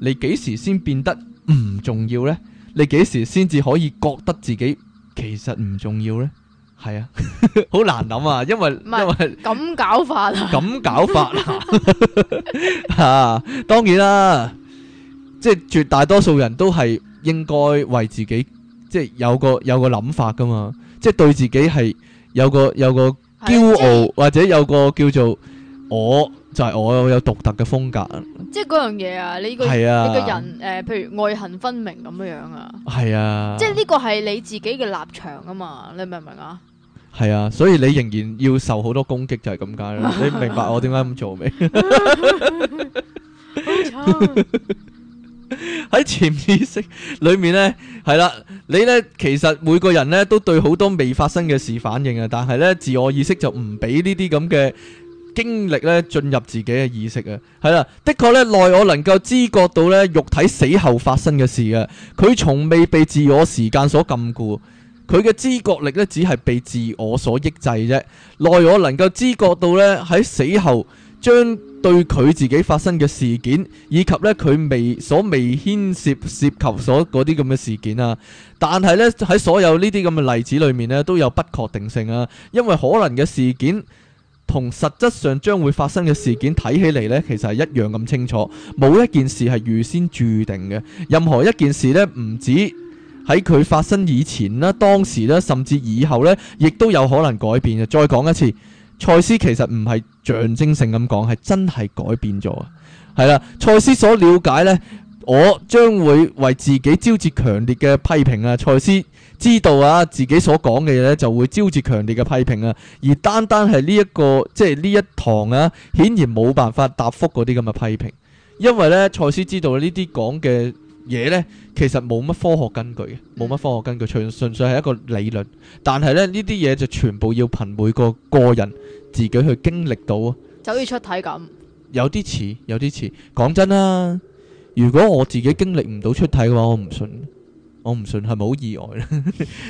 你幾時先變得唔重要呢？你幾時先至可以覺得自己其實唔重要呢？係啊，好難諗啊，因為因為咁搞法啊，咁搞法啊，吓，當然啦，即係絕大多數人都係應該為自己，即係有個有個諗法噶嘛，即係對自己係有個有個驕傲或者有個叫做我。就係我有獨特嘅風格，即係嗰樣嘢啊！你個你個人誒，譬如愛恨分明咁樣樣啊，係啊，即係呢個係你自己嘅立場啊嘛，你明唔明啊？係啊，所以你仍然要受好多攻擊就係咁解啦。你明白我點解咁做未？好慘！喺潛意識裏面呢，係啦，你呢其實每個人呢都對好多未發生嘅事反應啊，但係呢自我意識就唔俾呢啲咁嘅。經歷咧進入自己嘅意識啊，係啦，的確咧內我能夠知覺到咧肉體死後發生嘅事嘅，佢從未被自我時間所禁錮，佢嘅知覺力咧只係被自我所抑制啫。內我能夠知覺到咧喺死後將對佢自己發生嘅事件，以及咧佢未所未牽涉涉及所嗰啲咁嘅事件啊，但係咧喺所有呢啲咁嘅例子裏面咧都有不確定性啊，因為可能嘅事件。同實質上將會發生嘅事件睇起嚟呢，其實係一樣咁清楚，冇一件事係預先註定嘅。任何一件事呢，唔止喺佢發生以前啦、當時啦，甚至以後呢，亦都有可能改變嘅。再講一次，賽斯其實唔係象徵性咁講，係真係改變咗。係啦，賽斯所了解呢。我將會為自己招致強烈嘅批評啊！賽斯知道啊，自己所講嘅嘢咧就會招致強烈嘅批評啊！而單單係呢一個即係呢一堂啊，顯然冇辦法答覆嗰啲咁嘅批評，因為呢，賽斯知道呢啲講嘅嘢呢，其實冇乜科學根據，冇乜科學根據，純粹係一個理論。但係咧呢啲嘢就全部要憑每個個人自己去經歷到啊！就好似出體咁，有啲似，有啲似。講真啦～如果我自己經歷唔到出體嘅話，我唔信，我唔信。係咪好意外咧？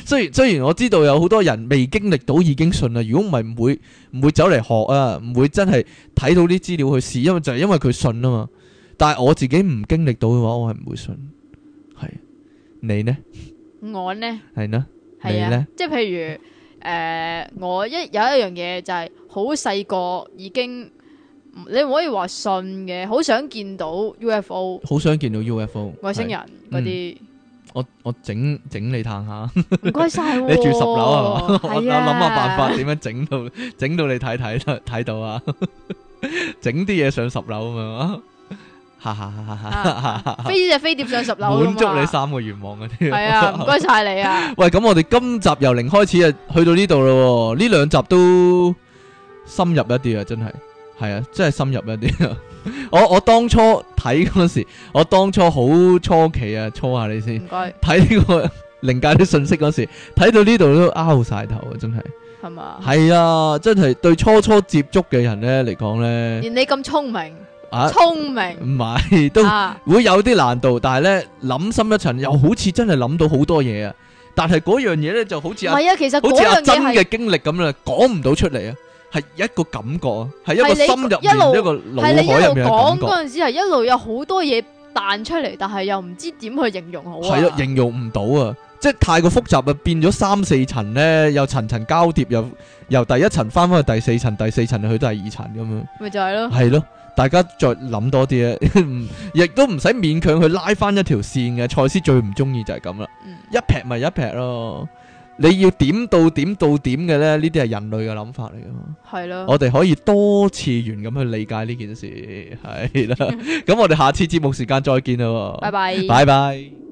雖 [LAUGHS] 然雖然我知道有好多人未經歷到已經信啦，如果唔係唔會唔會走嚟學啊，唔會真係睇到啲資料去試，因為就係因為佢信啊嘛。但係我自己唔經歷到嘅話，我係唔會信。係你呢？我呢？係呢？你呢？即係譬如誒、呃，我一有一樣嘢就係好細個已經。你唔可以話信嘅，好想見到 UFO，好想見到 UFO 外星人嗰啲、嗯。我我整整你探下，唔該晒。 [LAUGHS] 你住十樓呀 [LAUGHS] [LAUGHS] 啊。我諗下辦法點樣整到整到你睇睇睇到啊？整啲嘢上十樓咁樣，哈飛隻飛碟上十樓，滿足你三個願望嗰啲。係啊，唔該晒你啊。 [LAUGHS] 喂，咁我哋今集由零開始啊，去到呢度咯。呢兩集都深入一啲啊，真係。係啊，真係深入一啲啊！ [LAUGHS] 我我當初睇嗰時，我當初好初，初期啊，初下你先。唔該。睇呢、這個靈 [LAUGHS] 界啲訊息嗰時，睇到呢度都拗晒頭啊！真係。係嘛嗎？係啊，真係對初初接觸嘅人呢嚟講呢，連你咁聰明，聰、啊、明唔係、啊、都會有啲難度，但係呢，諗深一層，又好似真係諗到好多嘢啊！但係嗰樣嘢呢，就好似啊，係、嗯、啊，其實嗰樣真嘅經歷咁啦，講唔到出嚟啊！係一個感覺啊，係一個心入面，一個腦海入面嘅感覺。係你一路講嗰陣時，係一路有好多嘢彈出嚟，但係又唔知點去形容好啊。係啊，形容唔到啊，即係太過複雜啊，變咗三四層咧，又層層交疊，又由第一層翻翻去第四層，第四層去到第二層咁樣。咪就係咯。係咯，大家再諗多啲啊，亦都唔使勉強去拉翻一條線嘅。賽斯最唔中意就係咁啦，一劈咪一劈咯。你要點到點到點嘅呢？呢啲係人類嘅諗法嚟㗎嘛。係咯的。我哋可以多次元咁去理解呢件事係啦。咁 [LAUGHS] [LAUGHS] 我哋下次節目時間再見啦。拜拜 bye。拜拜。